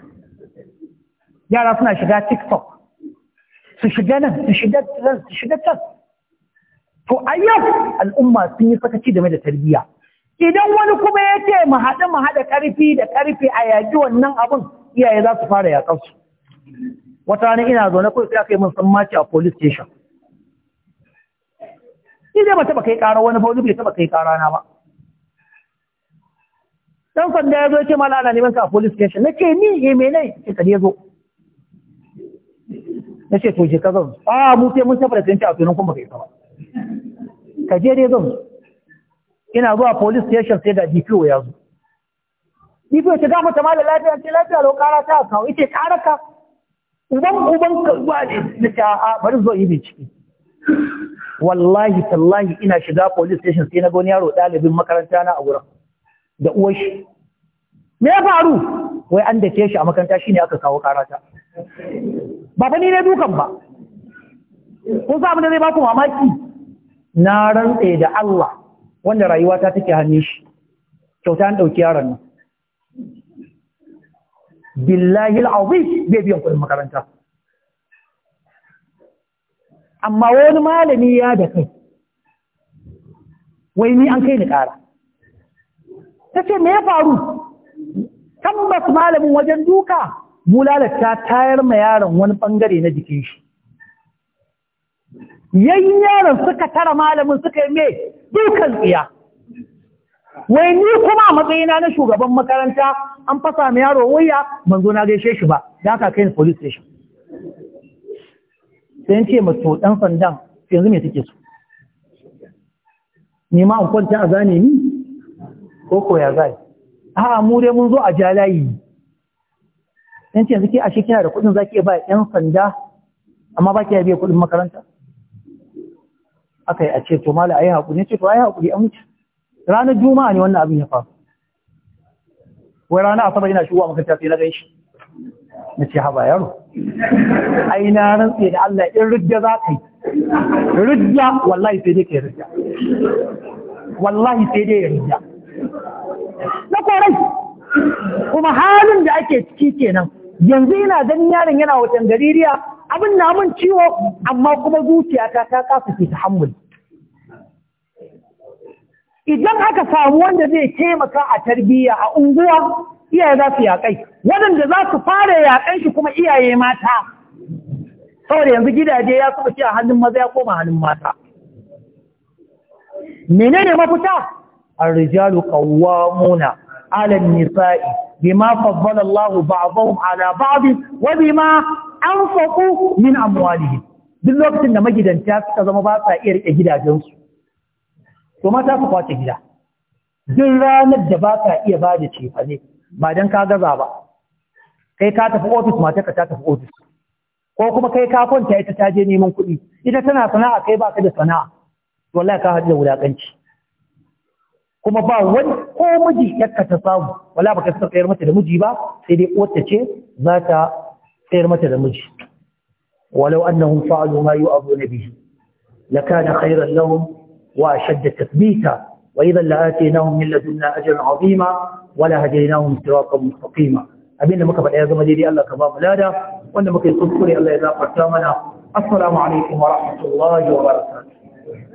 yara suna shiga tiktok su shiga nan su shiga nan su shiga can to a yau al'umma sun yi sakaci da mai da tarbiyya idan wani kuma ya ce mu haɗu mu haɗa ƙarfi da ƙarfi a yaƙi wannan abin iyaye za su fara yaƙar wata ne ina na kawai sai aka yi musammaci a police station ni dai ba taba kai ƙara wani ba wani bai taɓa kai ƙara na ba dan sanda ya zo ce mala ana neman ka a police station na ce ni eh me ne ce ka ne zo na ce to je ka zan a mu sai mun tabbata tunci a tunan kuma kai ba ka je dai zan ina zuwa police station sai da DPO ya zo DPO ta ga mata mala lafiya ce lafiya lo ƙara ta kawo ita ƙara ka uban uban ka zuwa ne na ce a bari zo yi bincike wallahi tallahi ina shiga police station sai na ga yaro dalibin makaranta na a wurin da uwar shi me ya faru wai an dake shi a makaranta shine aka kawo karata ba fa ni ne dukan ba kun sa abin da zai ba ku mamaki na rantse da Allah wanda rayuwata take hannun shi kyauta an ɗauki yaron nan billahi al'azim bai biyan kuɗin makaranta amma wani malami ya da kai wai ni an kai ni ƙara ta ce me ya faru tabbas malamin wajen duka bulala ta tayar ma yaron wani ɓangare na jikin shi yayin yaron suka tara malamin suka yi mai dukan tsiya wai ni kuma a matsayina na shugaban makaranta an fasa mai yaro wuya manzo na gaishe shi ba da aka kai police station sai ce to dan sandan yanzu me take so ni ma an kwanta a zane ni ko ko ya zai a'a mu dai mun zo a jalayi sai ce yanzu ke ashe kina da kuɗin zaki ba yan sanda amma ba ki biya kuɗin makaranta aka yi a ce to mala ayi hakuri ce to ayi hakuri an wuce ranar juma'a ne wannan abin ya faru wai rana asabar yana shigowa makaranta sai na gan shi na ce haba yaro ai na rantse da Allah in rujja za ka yi rujja wallahi sai dai ka yi rujja wallahi sai dai ya rujja na korai kuma halin da ake ciki kenan yanzu ina ganin yaron yana watan gaririya abin na mun ciwo amma kuma zuciyata ta kasa ke ta hammuli idan aka samu wanda zai taimaka a tarbiyya a unguwa iyaye za su yaƙai waɗanda za su fara yaƙan shi kuma iyaye mata saboda yanzu gidaje ya kuma shi a hannun maza ya koma hannun mata menene mafita الرجال قوامون على النساء بما فضل الله بعضهم على بعض وبما أنفقوا من أموالهم duk lokacin da magidanta suka zama ba sa iya rike gidajensu to mata ku kwace gida duk ranar da ba ka iya ba da cefane ba don ka gaza ba kai ka tafi ofis mata ka ta tafi ofis ko kuma kai ka kwanta ita ta je neman kuɗi ita tana sana'a kai ba ka da sana'a wallahi ka haɗu da wulaƙanci kuma ba wani ko miji ta samu wala baka san tsayar mata da miji ba sai dai wata ce za ta tsayar mata da miji walau annahum fa'alu ma yu'aduna bihi lakana khayran lahum وأشد تثبيتا وإذا لآتيناهم من لدنا أجرا عظيما ولهديناهم صراطا مستقيما أبينا مكة بل أيضا مديري ألا كفا ملادا وأن مكة تذكري إذا قتامنا السلام عليكم ورحمة الله وبركاته